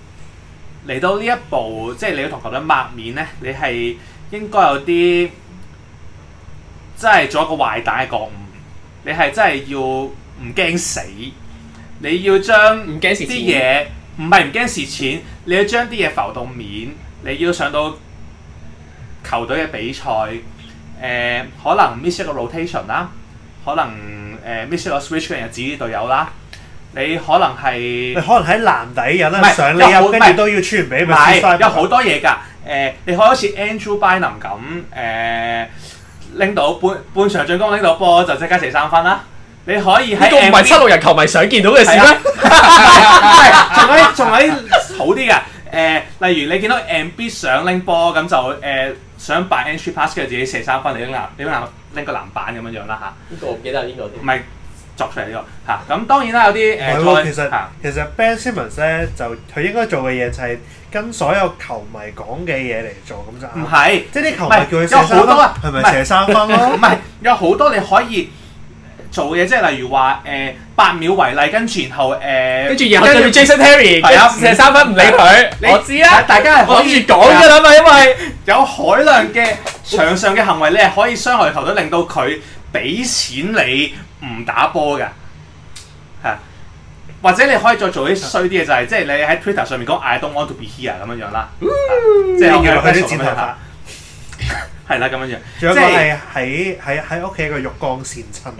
嚟到呢一步，即係你要同球隊抹面咧，你係應該有啲即係做一個壞蛋嘅覺悟。你係真係要唔驚死，你要將唔驚啲嘢，唔係唔驚蝕錢，你要將啲嘢浮到面，你要上到。球隊嘅比賽，誒可能 miss 一個 rotation 啦，可能誒 miss 一個 switching 又指啲隊友啦，你可能係，你可能喺籃底有得上你又跟住都要出完俾佢。有好多嘢㗎，誒、呃、你可以好似 Andrew Bynum 咁誒拎、呃、到半半場進攻拎到波就即刻射三分啦，你可以喺，呢唔係七六人球迷想見到嘅事咩？係、啊，仲可仲可好啲㗎，誒、呃、例如你見到 M B 上拎波咁就誒。呃想扮 entry pass 嘅自己射三分，拎籃，拎籃拎個籃板咁樣樣啦嚇。呢、啊、個我唔記得呢，邊個唔係作出嚟呢、呢個嚇。咁、啊、當然啦，有啲誒，呃、了才其實、啊、其實 Ben Simmons 咧就佢應該做嘅嘢就係跟所有球迷講嘅嘢嚟做咁就。唔係，是即係啲球迷叫佢射三分，係咪、啊、射三分咯、啊？唔係， 有好多你可以。做嘢即係例如話誒八秒為例，跟前後誒跟住然後，跟住 Jason Terry 射三分唔理佢，我知啊，大家係可以講嘅啦嘛，因為有海量嘅場上嘅行為，你可以傷害球隊，令到佢俾錢你唔打波嘅，係或者你可以再做啲衰啲嘅，就係即係你喺 Twitter 上面講 I don't want to be here 咁樣樣啦，即係我係係啦，咁樣樣，仲有係喺喺喺屋企個即浴缸扇襯。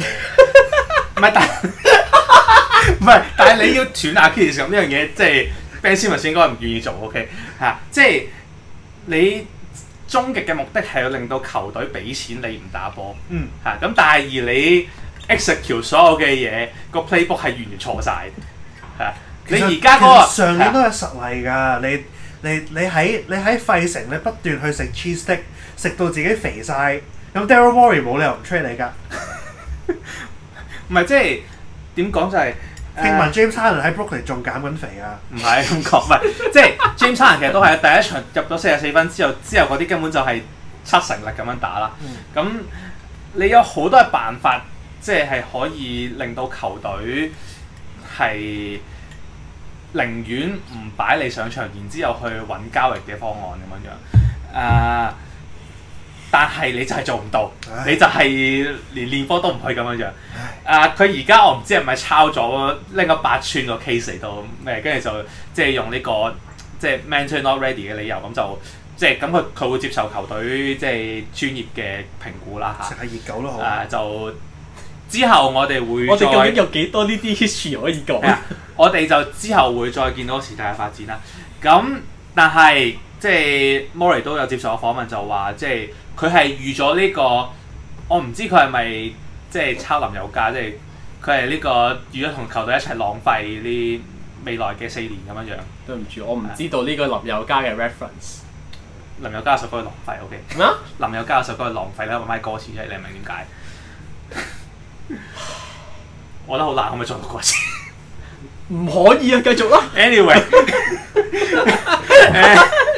唔係，但唔係，但係你要斷吓 Kiss 咁呢樣嘢，即係 Ben Simmons 先應該唔願意做。OK 嚇、啊，即係你終極嘅目的係要令到球隊俾錢你唔打波。嗯嚇，咁、啊、但係而你 execute 所有嘅嘢個 playbook 係完全錯曬嚇。啊、實你而家嗰個上年都有實例㗎、啊。你你你喺你喺費城，你不斷去食 cheese stick 食到自己肥晒，咁 Daryl Morey 冇理由唔出嚟㗎。唔 係樂，即係點講就係、是、聽聞 James Harden 喺、呃、Brooklyn、ok、仲減緊肥啊。唔係咁講，唔係 即係 James Harden 其實都係第一場入咗四十四分之後，之後嗰啲根本就係七成力咁樣打啦。咁、嗯、你有好多嘅辦法，即係係可以令到球隊係寧願唔擺你上場，然之後去揾交易嘅方案咁樣樣啊。呃嗯但係你就係做唔到，唉你就係連練波都唔去咁樣樣。誒、啊，佢而家我唔知係咪抄咗拎個八寸個 case 嚟到，誒，跟住就即、是、係用呢、這個即係、就是、mentally not ready 嘅理由，咁就即係咁佢佢會接受球隊即係、就是、專業嘅評估啦吓、啊啊啊，就係熱狗咯，好就之後我哋會我哋究竟有幾多呢啲 issue 可以講、啊？我哋就之後會再見到事態嘅發展啦。咁、啊、 但係。即係 Mori 都有接受我訪問就，就話即係佢係預咗呢、這個，我唔知佢係咪即係抄林宥嘉，即係佢係呢個預咗同球隊一齊浪費呢未來嘅四年咁樣樣。對唔住，我唔知道呢個林宥嘉嘅 reference、啊。林宥嘉首歌浪費，OK、啊、林宥嘉首歌浪費啦，我賣歌詞啫，你明唔明點解？ 我覺得好難，可唔可以再賣歌詞？唔可以啊，繼續咯。Anyway，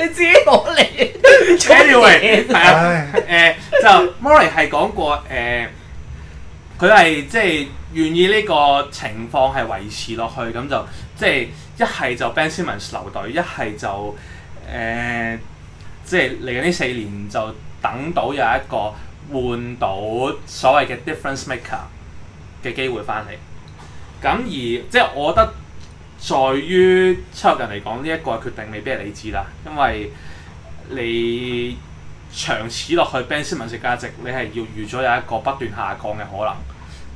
你自己攞嚟。Anyway，係啊，誒就 Morey 係講過誒，佢係即係願意呢個情況係維持落去，咁就即係一係就 Ben Simmons 留隊，一係就誒即係嚟緊呢四年就等到有一個換到所謂嘅 difference maker 嘅機會翻嚟。咁而即係我覺得，在於七六人嚟講，呢、這、一個決定未必係理智啦。因為你長此落去，Ben Simmons 嘅價值你係要預咗有一個不斷下降嘅可能。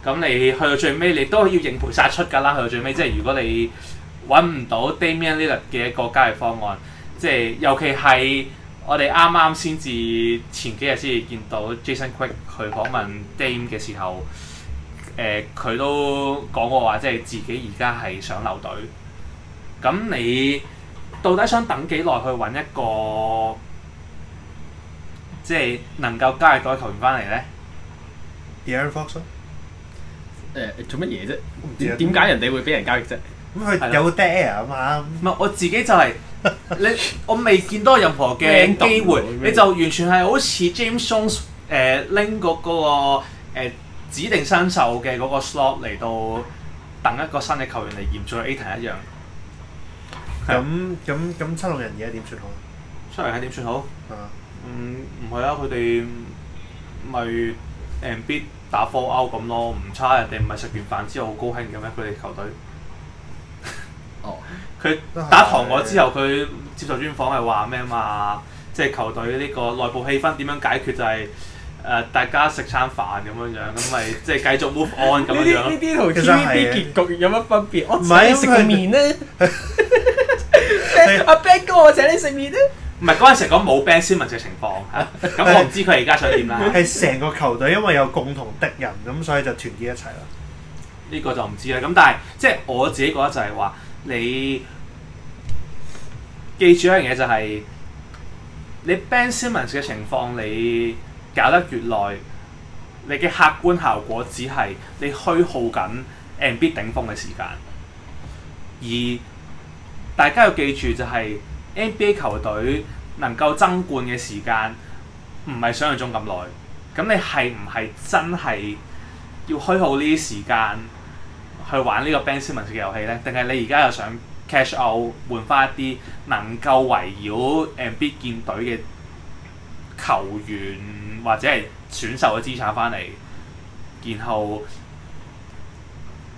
咁你去到最尾，你都要認賠殺出㗎啦。去到最尾，即係如果你揾唔到 Damian Lillard 嘅一個交易方案，即係尤其係我哋啱啱先至前幾日先至見到 Jason Quick 佢訪問 Dame 嘅時候。誒佢、呃、都講過話，即係自己而家係想留隊。咁你到底想等幾耐去揾一個，即係能夠交易到啲球員翻嚟咧 De'Aaron Fox 做乜嘢啫？點解 Aaron、呃、人哋會俾人交易啫？咁佢有爹啊嘛！唔係的 我自己就係、是、你，我未見到任何嘅機會， 你就完全係好似 James Jones 拎、呃那個嗰個、呃呃指定新秀嘅嗰個 slot 嚟到等一個新嘅球員嚟延續 Ayton 一樣。咁咁咁七六人嘅點算好？七六人點算好？嗯，唔唔係啊，佢哋咪 Embiid 打 four out 咁咯，唔差。人哋唔係食完飯之後好高興咁咩？佢哋球隊。哦、 uh，佢、huh. 打唐凱之後，佢接受專訪係話咩啊？嘛，即、就、係、是、球隊呢個內部氣氛點樣解決就係、是。誒、呃，大家食餐飯咁樣樣，咁咪即係繼續 move on 咁樣。 呢啲呢啲同 T V B 結局有乜分別？我唔請食個麵咧，阿 Ben 哥我請你食麵咧。唔係嗰陣時講冇 Ben Simmons 嘅情況，咁、啊、我唔知佢而家想點啦。係成 個球隊因為有共同敵人，咁所以就團結一齊啦。呢 個就唔知啦。咁但係即係我自己覺得就係話你記住一樣嘢就係、是、你 Ben Simmons 嘅情況你。你搞得越耐，你嘅客觀效果只係你虛耗緊 NBA 頂峰嘅時間。而大家要記住就係 NBA 球隊能夠爭冠嘅時間唔係想象中咁耐。咁你係唔係真係要虛耗呢啲時間去玩呢個 Ben Simmons 嘅遊戲咧？定係你而家又想 cash out 換翻一啲能夠圍繞 NBA 建隊嘅球員。或者係選秀嘅資產翻嚟，然後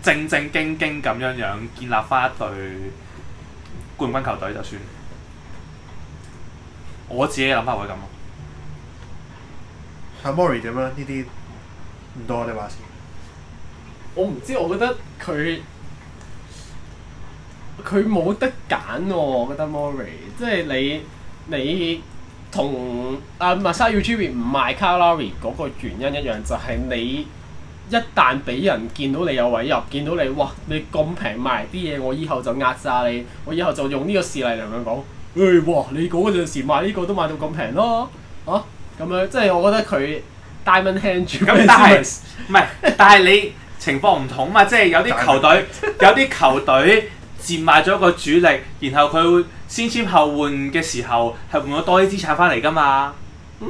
正正經經咁樣樣建立翻一隊冠軍球隊就算。我自己嘅諗法會咁咯。阿 Morey 點樣？呢啲唔到我哋話事。我唔知，我覺得佢佢冇得揀喎。我覺得 Morey，即係你你。你同啊，Marshall YouTube 唔賣 Carla 瑞嗰個原因一樣，就係、是、你一旦俾人見到你有位入，見到你哇，你咁平賣啲嘢，我以後就壓榨你，我以後就用呢個事例嚟講，誒、欸、哇，你嗰陣時買呢個都買到咁平咯，哦、啊，咁樣即係我覺得佢 Diamond Hand 咁， 但係唔係，但係你情況唔同嘛，即係 有啲球隊，有啲球隊。 賤賣咗一個主力，然後佢會先簽後換嘅時候，係換咗多啲資產翻嚟噶嘛？嗯，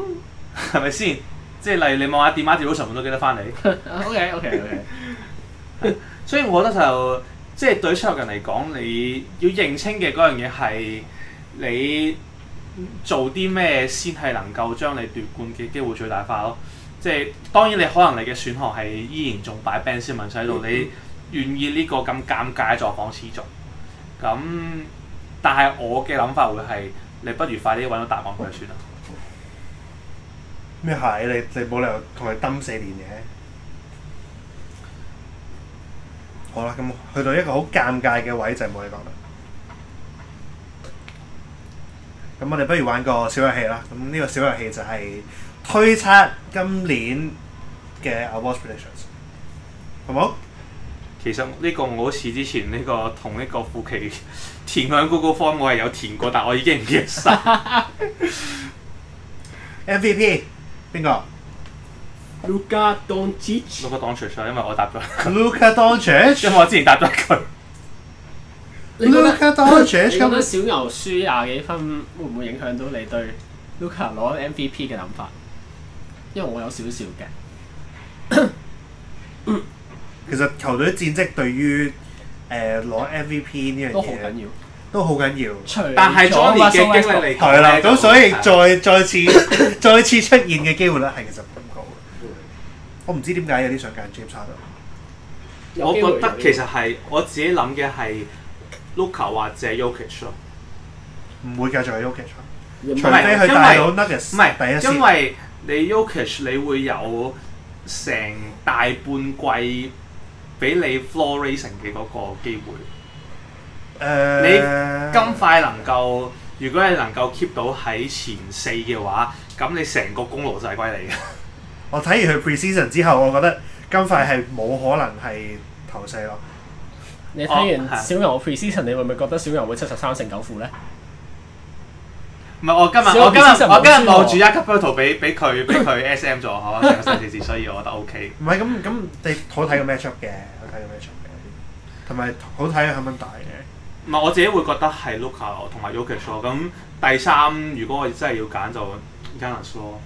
係咪先？即係例如你望下電話，屌佬都記得翻嚟。 OK OK OK。 所以我覺得就即係對七六人嚟講，你要認清嘅嗰樣嘢係你做啲咩先係能夠將你奪冠嘅機會最大化咯。即係當然你可能你嘅選項係依然仲擺 ban 先問世道，嗯、哼你願意呢個咁尷尬嘅狀況持續？咁，但係我嘅諗法會係，你不如快啲揾到答案佢、嗯、算啦。咩？係？你你冇理由同佢蹲四年嘅。好啦，咁去到一個好尷尬嘅位就冇嘢講啦。咁我哋不如玩個小遊戲啦。咁呢個小遊戲就係推測今年嘅 awards predictions。好冇？其實呢個我好似之前呢個同呢個夫妻填響 Google Form，我係有填過，但係我已經唔記得曬。MVP 邊個？Luka Doncic。Luka Doncic，因為我答咗。Luka Doncic。因為我之前答咗佢。Luka Doncic。你覺得小牛輸廿幾分會唔會影響到你對 Luka 攞 MVP 嘅諗法？因為我有少少嘅。其實球隊戰績對於誒攞 MVP 呢樣嘢都好緊要，都好緊要。除但係舊年嘅經歷嚟講啦，咁所，所以的再再次 再次出現嘅機會率係其實唔咁高。 我唔知點解有啲想揀 James 差咗。我覺得其實係我自己諗嘅係 Luka 或者 Jokic、ok、咯，唔會繼續係 Jokic。除非佢帶到 Nuggets，唔係，因為你 Jokic、ok、你會有成大半季。俾你 floor raising 嘅嗰個機會，uh, 你金塊能夠，如果你能夠 keep 到喺前四嘅話，咁你成個功勞就係歸你嘅。 我睇完佢 pre-season 之後，我覺得金塊係冇可能係頭四咯。你睇完小牛 pre-season，你會唔會覺得小牛會七十三勝九負咧？唔係，我今日我今日我今日望住一級 photo 俾俾佢俾佢 SM 咗嗬成個生字字，所以我覺得 OK。唔係，咁咁，你好睇個 matchup 嘅，好睇個 matchup 嘅，同埋好睇佢點樣打嘅。唔係，我自己會覺得係 Luka 同埋 Jokic 咁。第三，如果我真係要揀就 Giannis 咯。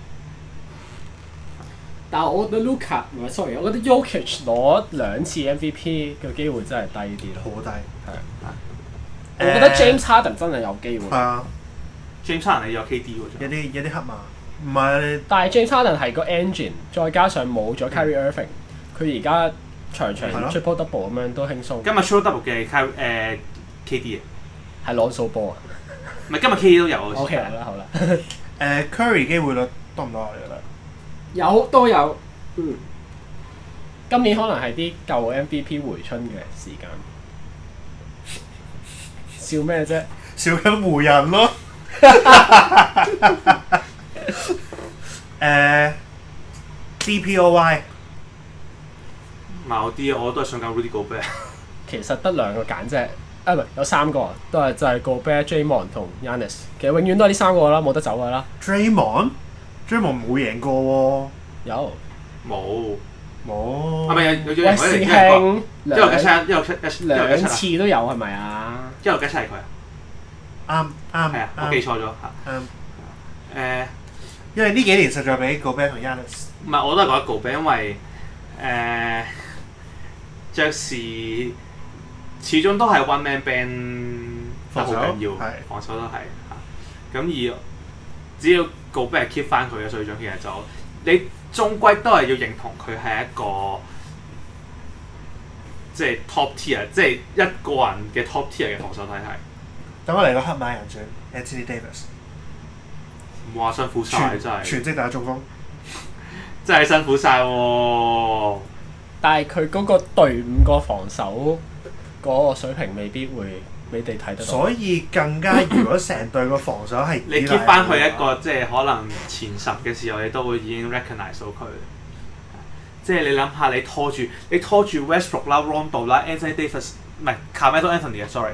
但係我覺得 Luka 唔係，sorry，我覺得 Jokic、ok、攞兩次 MVP 嘅機會真係低啲咯，好低係。嗯、我覺得 James Harden 真係有機會。嗯 James Harden 係有 KD 喎，有啲有啲黑馬。唔係，但係 James Harden 係個 engine，再加上冇咗 Kyrie Irving，佢而家場場 Triple Double 咁樣都輕鬆。今日 Triple Double 嘅係誒 KD 啊，係攞數波啊，唔係今日 KD 都有啊。OK 啦，好啦。誒 Curry 機會率多唔多你覺得？有都有，嗯。今年可能係啲舊 MVP 回春嘅時間。笑咩啫？笑緊湖人咯～誒，DPOY，某啲我都係想揀 Rudy Gobert，其實得兩個揀啫，誒、哎、唔係，有三個，都係就係 Gobert、Draymond 同 Yanis。其實永遠都係呢三個啦，冇得走噶啦。Draymond、Draymond 冇贏過喎。有冇冇？係咪有，有？有世慶，一六七一兩次都有係咪啊？一六七係佢啊。啱啱係啊！我記錯咗嚇。誒、um, um，啊，因為呢幾年實在俾 Gobert 同 Yanis。唔係，我都係覺得 Gobert 因為誒，爵、呃、士、就是、始終都係 one man band，防守緊要，的防守都係嚇。咁、啊、而只要 Gobert keep 翻佢嘅水準，其實就你終歸都係要認同佢係一個即係、就是、top tier，即係一個人嘅 top tier 嘅防守體系。等我嚟個黑馬人選 Anthony Davis，唔話辛苦晒，全真係的全職打中鋒， 真係辛苦晒、哦。但係佢嗰個隊伍個防守嗰、那個水平，未必會俾你睇到。所以更加如果成隊個防守係， 你跌翻去一個即係、就是、可能前十嘅時候，你都會已經 recognize 到佢。即、就、係、是、你諗下，你拖住你拖住 Westbrook 啦、Rondo 啦、Anthony Davis 唔係 Carmelo Anthony 啊，sorry。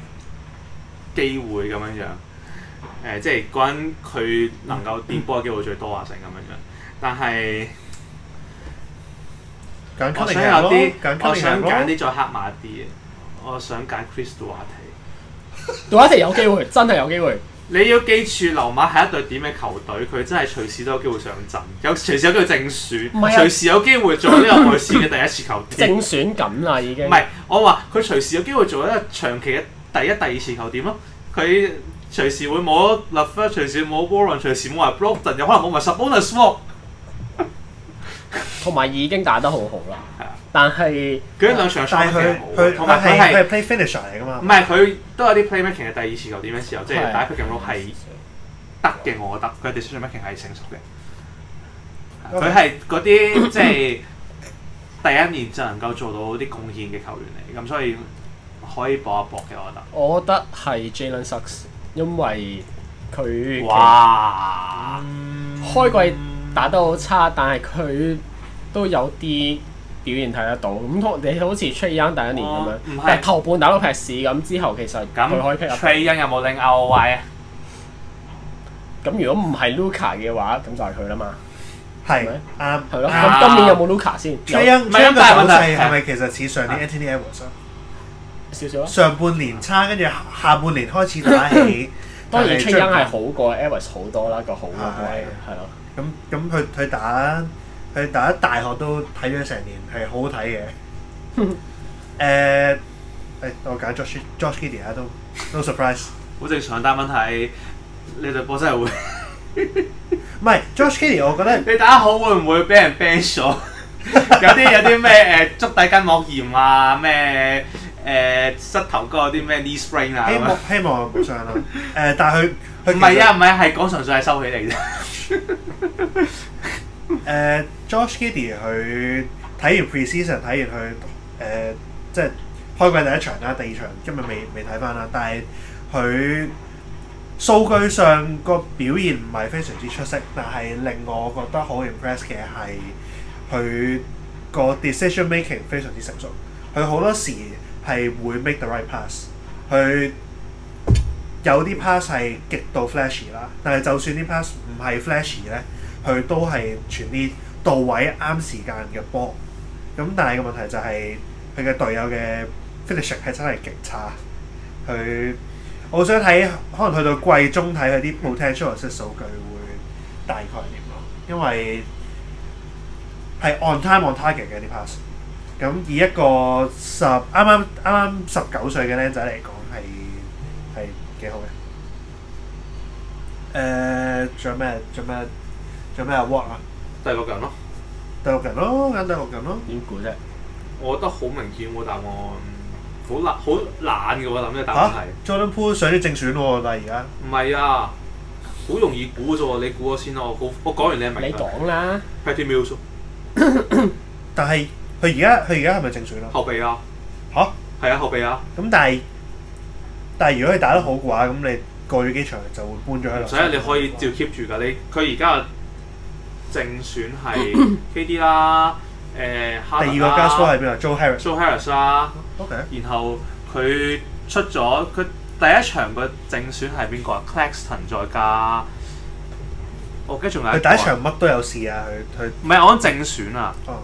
機會咁樣樣，誒、呃，即係嗰陣佢能夠掂波嘅機會最多啊，成咁樣樣。但係，我想有啲，我想揀啲再黑馬啲嘅。我想揀 Chris Duarte。Duarte 有機會，真係有機會。你要記住，流馬係一隊點嘅球隊，佢真係隨時都有機會上陣，有隨時有機會正選，隨、啊、時有機會做呢個賽事嘅第一次球隊。 正選咁啦，已經。唔係，我話佢隨時有機會做一個長期嘅。第一、第二次球點咯？佢隨時會冇 LeVert，隨時冇 Warren，隨時冇埋 Brogdon，有可能冇埋 Sabonis。同 埋已經打得好好啦。係啊，但係佢一兩場嘅表現冇。同埋佢係 Play Finisher 嚟㗎嘛。唔係，佢都有啲 Playmaking 嘅第二次球點嘅時候，即係打一咁多係得嘅，啊、我覺得佢嘅 decision making 係成熟嘅。佢係嗰啲即係第一年就能夠做到啲貢獻嘅球員嚟，咁所以。可以搏一搏嘅，我覺得。我覺得係 Jalen Suggs，因為佢哇開季打得好差，但係佢都有啲表現睇得到。咁你好似 Trae Young 第一年咁樣，但係頭半打到劈屎咁，之後其實佢可以劈。Trae Young 有冇拎 ROY 啊？咁如果唔係 Luka 嘅話就就是是，咁就係佢啦嘛。係啱，係咯。咁今年有冇 Luka 先？Trae Young 係咪其實似上年上半年差，跟住下半年開始打起。當然，出音係好過 Evers 好多啦，個好好多。咯，咁咁佢佢打佢打大學都睇咗成年，係好好睇嘅。誒，誒，我揀 Josh Giddey 都 no surprise，好正常。但問題你隊波真係會唔係 Josh Giddey？我覺得你打好會唔會俾人 ban 咗？有啲有啲咩誒足底筋膜炎啊咩？誒、呃、膝頭哥有啲咩 knee sprain 啊？希望希望冇上冇傷啦。誒、 呃，但係佢唔係啊，唔係係講純粹係收起嚟啫、 呃。誒，Josh Giddey 佢睇完 preseason，睇完佢誒，即、呃、係、就是、開季第一場啦，第二場今日未未睇返啦。但係佢數據上個表現唔係非常之出色，但係令我覺得好 impress 嘅係佢個 decision making 非常之成熟。佢好多時，係會 make the right pass，佢有啲 pass 係極度 flashy 啦，但係就算啲 pass 唔係 flashy 咧，佢都係傳啲到位啱時間嘅波。咁、嗯、但係個問題就係佢嘅隊友嘅 finish 係真係極差。佢我想睇可能去到季中睇佢啲 potential 嘅數據會大概係點咯，因為係 on time on target 嘅啲 pass。咁以一個十啱啱啱啱十九歲嘅僆仔嚟講，係係幾好嘅。誒，仲有咩？仲有咩？仲有咩？award 啊？第六人咯，第六人咯，啱第六人咯。點估啫？我覺得好明顯喎，答案好難，好懶嘅喎，我諗呢個答案係。Jordan Poole 上啲正選喎，但係而家唔係啊，好容易估咗喎。你估咗先啦，我我講完你明。你講啦。Patty Mills，但係。佢而家佢而家係咪正選咯？後備啊！嚇、啊？係啊，後備啊！咁、嗯、但係但係，如果你打得好嘅話，咁你過咗幾場就會搬咗喺度。所以你可以照 keep 住噶。啊、你佢而家正選係 K.D. 啦、啊，誒、呃，啊、第二個加粗係邊啊？Joe Harris，Joe Harris 啦、啊啊。OK。然後佢出咗佢第一場嘅正選係邊個啊？Claxton 再加，我記得仲有。佢第一場乜都有事啊！佢佢唔係我正選啊。哦。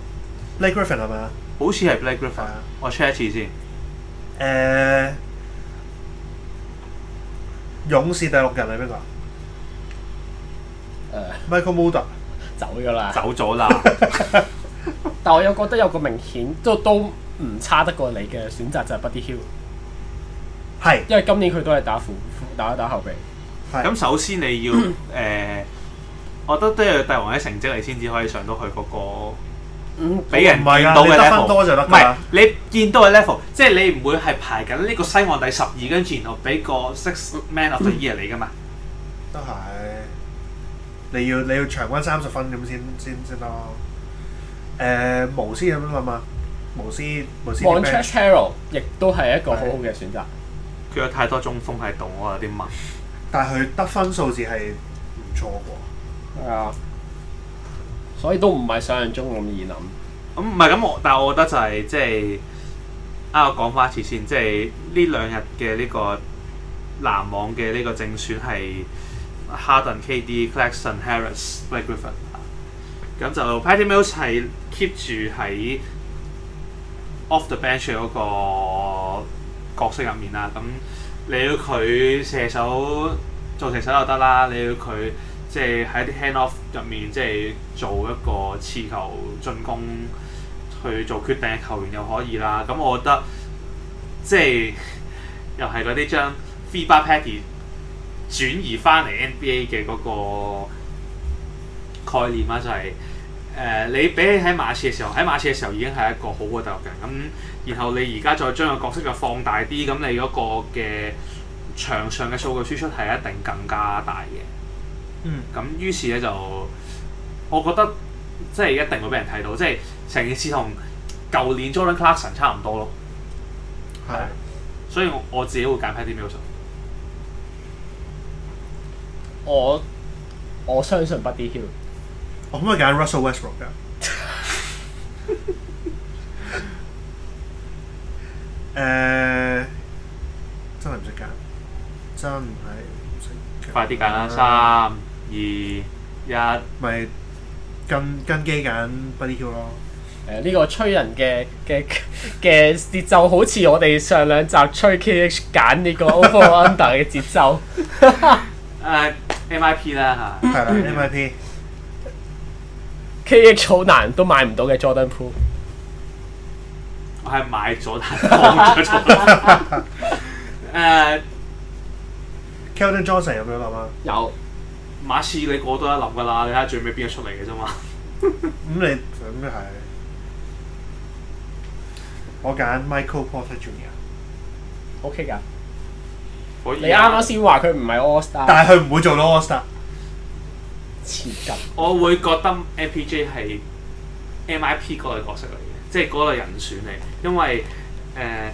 Blake Griffin 係咪？好似係 Blake Griffin。Yeah. 我 check 一次先。誒，uh, 勇士第六人係邊個？Michael Porter 走咗啦。走咗啦。 但我又覺得有個明顯都都唔差得過你嘅選擇就係、是、Buddy Hield 是因為今年佢都係打副打,打打後備。咁是首先你要誒、 呃，我覺得都要帝王嘅成績你先至可以上到去嗰、那個。嗯，俾人見到嘅 level，唔係你得分多就得㗎。唔係你見到嘅 level，即係你唔會係排緊呢個西岸第十二，跟住然後俾個 six man of the year 嚟㗎嘛。都係，你要你要場均三十分咁先先先咯。誒，無師咁啊嘛，無師無師。Montrezl Harrell 亦都係一個好好嘅選擇。佢有太多中鋒喺度，我有啲問。但係佢得分數字係唔錯啩？係啊。所以都唔係想象中咁易諗，啊嗯。咁唔係咁我，但係我覺得就係、是、即係啊，我講翻一次先，即係呢兩日嘅呢個籃網嘅呢個正選係 e n KD、Clarkson、Harris、b Ray、Griffin。咁就 p a t t y Mills 係 keep 住喺 off the bench 嗰個角色入面啦。咁、啊、你要佢射手做射手就得啦，你要佢。即係喺啲 handoff 入面，即係做一個次球進攻去做決定嘅球員又可以啦。咁我覺得即係又係嗰啲將 FIBA Patty 轉移翻嚟 NBA 嘅嗰個概念啦，就係、是、誒、呃、你比起喺馬刺嘅時候，喺馬刺嘅時候已經係一個好嘅特陸人。咁然後你而家再將個角色又放大啲，咁你嗰個嘅場上嘅數據輸出係一定更加大嘅。嗯，咁於是咧就，我覺得即係一定會俾人睇到，即係成件事同舊年 Jordan Clarkson 差唔多咯。係的，的所以我我自己會揀 Patty Mills 我我相信 Buddy Hield 我唔會揀 Russell Westbrook、ok、噶。誒、 uh,，真係唔識揀，真係唔識。快啲揀啦！三。而一咪跟跟機揀 Billion 咯，誒呢個吹人嘅嘅嘅節奏，好似我哋上兩集吹 KH 揀呢個 Over Under 嘅節奏，誒 MIP 啦嚇，係啦 MIP。KH 好難都買唔到嘅 Jordan Poole，我係買咗但當咗當咗，誒 Keldon Johnson 有冇得買？有。馬刺你個都一諗㗎啦，你睇下最尾邊個出嚟嘅啫嘛。咁你咁又係，我揀選 Michael Porter Jr.，OK 㗎。你啱啱先話佢唔係 All Star，但係佢唔會做到 All Star。刺激今。 我會覺得 MPJ 係 MIP 嗰類角色嚟嘅，即係嗰類人選嚟，因為誒、呃、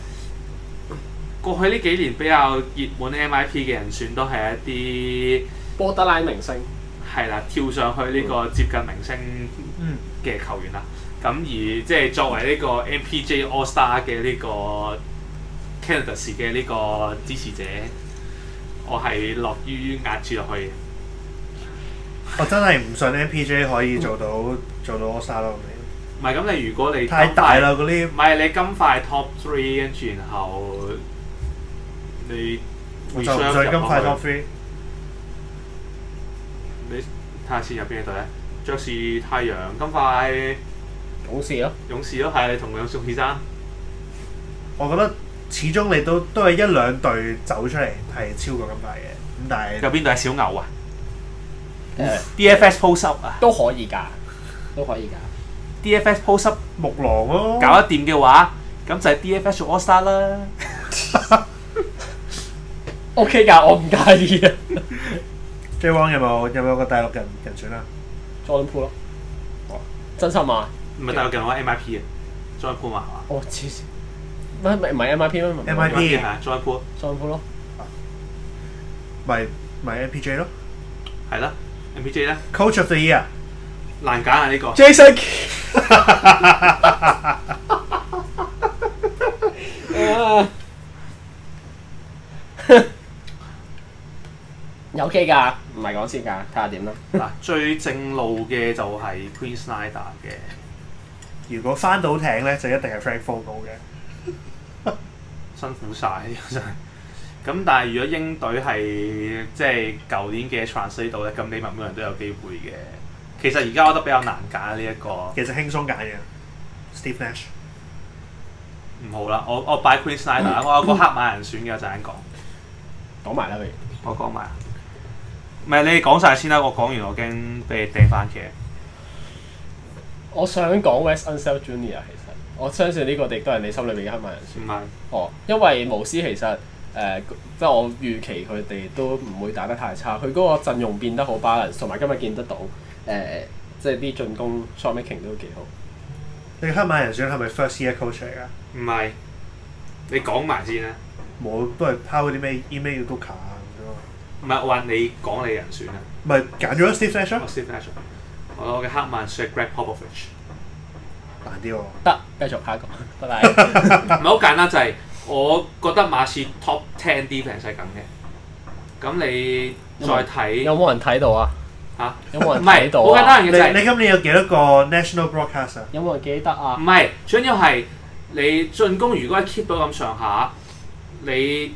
過去呢幾年比較熱門 MIP 嘅人選都係一啲。波德拉明星係啦，跳上去呢個接近明星嘅球員啦。咁、嗯嗯、而即係作為呢個 MPJ All Star 嘅呢個 candidate 嘅呢個支持者，我係樂於押注落去。我真係唔信 MPJ 可以做到、嗯、做到 All Star 咯，唔係咁，你如果你太大啦嗰啲，唔係你金塊 top three，跟住，然後你就再金塊 top three。睇下先入邊隊咧，爵士、太陽、金塊、勇士咯，勇士咯係，同勇士生。我覺得始終你都都係一兩隊走出嚟係超過咁大嘅，咁但係有邊隊係小牛啊，D F S post up 啊，都可以噶，都可以噶，D F S post up 木狼咯，搞得掂嘅話，咁就係 D F S All Star 啦。OK 噶，我唔介意啊。J1 有冇有冇個大陸人入選啊？Jordan Poole 咯，真心賣？唔係大陸人，我 MIP 嘅，Jordan Poole 賣係嘛？哦，黐線，乜咪咪 MIP 咩？MIP 係 Jordan Poole，Jordan Poole 咯，咪咪 MJP 咯，係啦，MJP 咧，Coach of the Year 難揀啊呢個。Jason。有機㗎，唔係講先㗎，睇下點啦。嗱，最正路嘅就係 Quin Snyder 嘅。 如果翻到艇咧，就一定係 Frank Vogel 嘅。辛苦曬真係。咁 但係如果英隊係即係舊年嘅 transfer 到咧，咁你問每人都有機會嘅。其實而家我覺得比較難揀呢一個。 其實輕鬆揀嘅，Steve Nash。唔好啦，我我擺 Quin Snyder 我有個黑馬人選嘅陣間講。講埋啦你，我講埋。唔係你講晒先啦，我講完我驚俾你掟番茄。我，我想講 Wes Unseld Jr. 其實，我相信呢個亦都係你心裏面嘅黑馬人選。是哦，因為巫師其實誒、呃，即係我預期佢哋都唔會打得太差。佢嗰個陣容變得好平衡，同埋今日見得到誒，即係啲進攻 Scouting 都幾好。你黑馬人選係咪 First Year Coach 嚟㗎？唔係，你講埋先啊！冇，都係拋嗰啲咩 Email 都卡。唔係，我話你講你人選啊！唔 係樂，揀咗 Steve Nash 啊！Steve Nash，我嘅黑曼雪 Greg Popovich 難啲喎。得，繼續下一個。拜拜。唔係好簡單，就係、是、我覺得馬刺 top ten 啲 defense 咁嘅。咁你再睇有冇人睇到啊？嚇、啊！有冇人睇到啊？唔係， 好簡單嘅就係、你，你今年有幾多個 national broadcaster？、啊、 有冇人記得啊？唔係，主要係你進攻如果係 keep 到咁上下，你。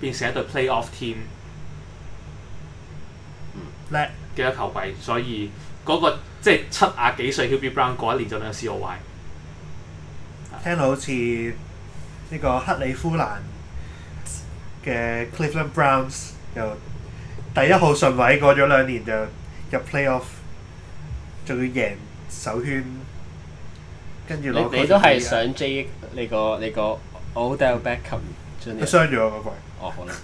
變成一隊 playoff team，叻、嗯、That. 幾多球隊，所以嗰、那個即係七啊幾歲？Hubie Brown 過一年就有次 COY，聽到，好似呢個克里夫蘭嘅 Cleveland Browns 又第一號順位過咗兩年就入 playoff，仲要贏首圈，跟住攞你都係想 J、啊、你個你個 Odell Beckham？佢、嗯、傷咗啊！那個哦，可能。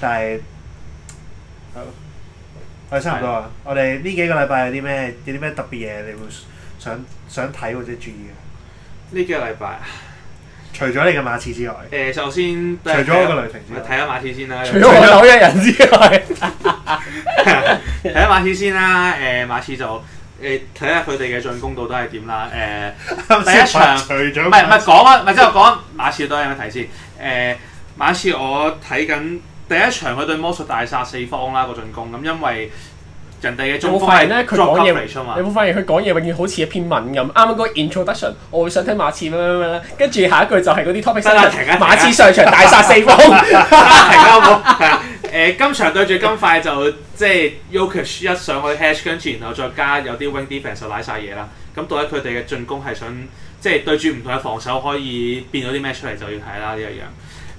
但係好，我哋差唔多啊。我哋呢幾個禮拜有啲咩，有啲咩特別嘢，你會想想睇或者注意啊？呢幾個禮拜，除咗你嘅馬刺之外，誒，首先除咗一個雷霆，我睇下馬刺先啦。除咗紐約人之外，睇下馬刺先啦。誒，馬刺就誒睇下佢哋嘅進攻度都係點啦。誒，第一場唔係唔係講啊，唔係即係講馬刺，大家有咩睇先？誒。馬刺我睇緊第一場佢對魔術大殺四方啦，個進攻。咁因為人哋嘅做法，佢嘢中鋒嘛，你有冇發現佢講嘢永遠好似一篇文咁？啱啱嗰個 introduction，我會想聽馬刺咩咩咩啦，跟住下一句就係嗰啲 topic 文。停停馬刺上場大殺四方， 停係啊！誒、呃，今場對住金塊就即係 Jokic 一上去 hash 跟住，然後再加有啲 wing defence 就瀨晒嘢啦。咁到底佢哋嘅進攻係想即係、就是、對住唔同嘅防守可以變咗啲咩出嚟，就要睇啦呢一樣。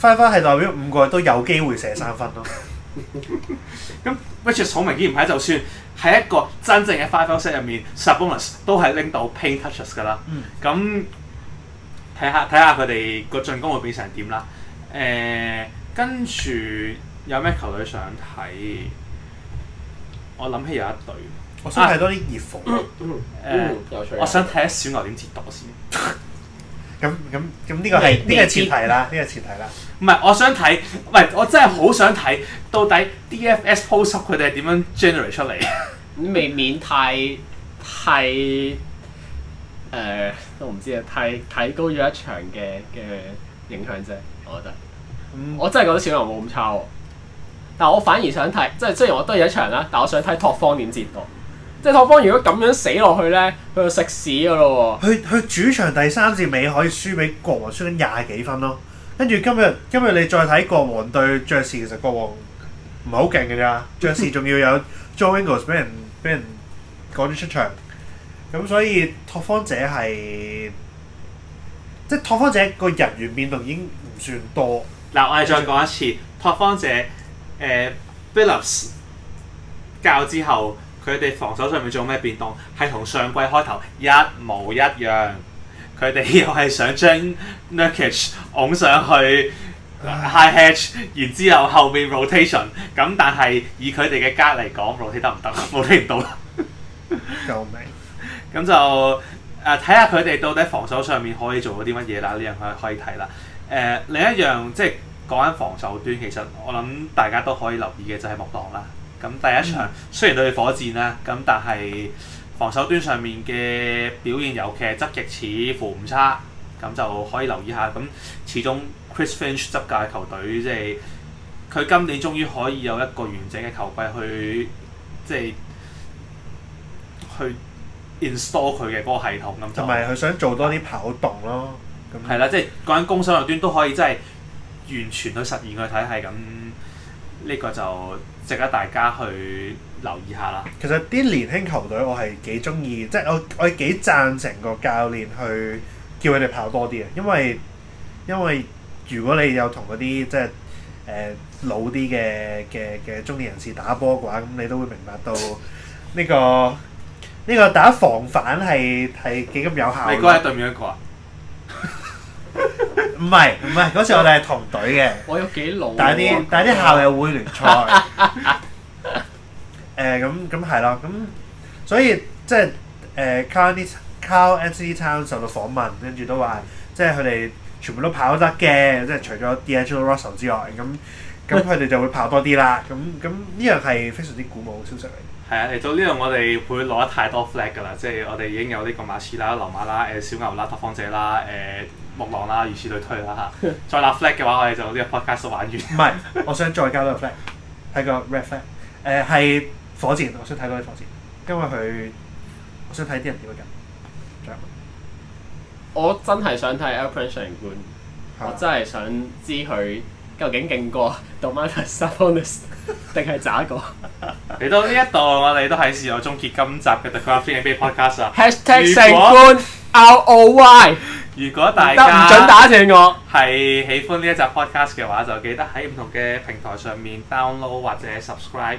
Five 分係代表五個都有機會射三分咯。咁 which is 好明顯唔係就算喺一個真正嘅 five ball set 入面，Sabonis 都係拎到 pay touches 噶啦。咁睇下睇下佢哋個進攻會變成點啦。誒，跟住有咩球隊想睇？我諗起有一隊，我想睇多啲熱火。我想睇小牛點截檔先。咁咁咁呢個係呢個前提啦，呢個前提啦。唔係，我想睇，唔係，我真係好想睇到底 DFS post 佢哋點樣 generate 出嚟？咁未免太太誒，都唔知啊，太提、呃、高咗一場嘅嘅影響啫。我覺得，嗯、我真係覺得小牛冇咁差喎、啊。但係我反而想睇，即係雖然我都有一場啦，但係我想睇拓荒點接到，即係拓荒如果咁樣死落去咧，佢就食屎噶啦喎。佢佢主場第三節尾可以輸俾國王廿幾分咯。跟住今日，今日你再睇國王對爵士，其實國王唔係好勁嘅咋，爵士仲要有 Joe Ingles 俾人俾人趕咗出場，咁所以拓荒者係即係拓荒者個人員變動已經唔算多。嗱，我哋再講一次，拓荒者誒 Billups 教之後，佢哋防守上面做咩變動？係同上季開頭一模一樣。佢哋又係想將 market 拱上去 high hatch 然之後後面 rotation，咁但係以佢哋嘅家嚟講 rotate 得唔得？冇睇到。行行行行 救命！咁 就誒睇下佢哋到底防守上面可以做到啲乜嘢啦，呢樣可以可以睇啦。誒、呃、另一樣即係講緊防守端，其實我諗大家都可以留意嘅就係、是、木當啦。咁第一場、嗯、雖然對火箭啦，咁但係。防守端上面嘅表現尤其係側翼似乎唔差，咁就可以留意下。咁始終 Chris Finch 執教嘅球隊，即係佢今年終於可以有一個完整嘅球季去即係去 install 佢嘅嗰個系統，咁。就咪佢想做多啲跑動咯，咁係啦，即係講緊攻守兩端，端都可以，真係完全去實現佢體系咁。呢個就值得大家去。留意下啦。其實啲年輕球隊我、就係我，我係幾中意，即係我我係幾贊成個教練去叫佢哋跑多啲啊！因為因為如果你有同嗰啲即係誒、呃、老啲嘅嘅嘅中年人士打波嘅話，咁你都會明白到呢、呢個呢、呢個打防反係係幾咁有效。你講係對面嗰個 啊？唔係唔係，嗰時我哋係同隊嘅。我有幾老。但係啲但係啲校友會聯賽。 誒咁咁係咯，咁、嗯嗯嗯嗯嗯、所以即係誒 Carl 啲 Karl-Anthony Towns 受到訪問，跟住都話，即係佢哋全部都跑得嘅，即係除咗 D'Angelo Russell 之外，咁咁佢哋就會跑多啲啦。咁咁呢樣係非常之鼓舞嘅消息嚟。係啊，嚟到呢度我哋會攞得太多 flag 㗎啦，即係我哋已經有呢個馬刺啦、溜馬啦、誒、呃、小牛啦、拓荒者啦、誒、呃、木狼啦，如此類推啦嚇。 再立 flag 嘅話，我哋就呢個 podcast 玩完。唔係 我想再加多個 flag，係個 red flag。誒、呃、係。嗯火箭，我想睇多啲火箭，因為佢我想睇啲人點樣。最後，我真係想睇 Alperen Sengun，我真係想知佢究竟勁過 Domantas Sabonis 定係咋個？嚟到呢一度，我哋都喺時候終結今集嘅 The Corner 3 Podcast。Hashtag 成冠 ROY。如果大家唔準打斷我，係喜歡呢一集 Podcast 嘅話，就記得喺唔同嘅平台上面 download 或者 subscribe。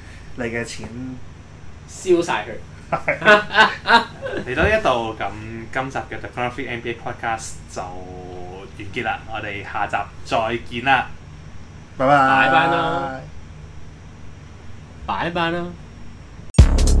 你嘅錢燒曬佢。嚟到呢一度，咁今集嘅 The Corner 3 NBA Podcast 就完結啦。我哋下集再見啦。拜拜。拜拜啦。拜拜啦。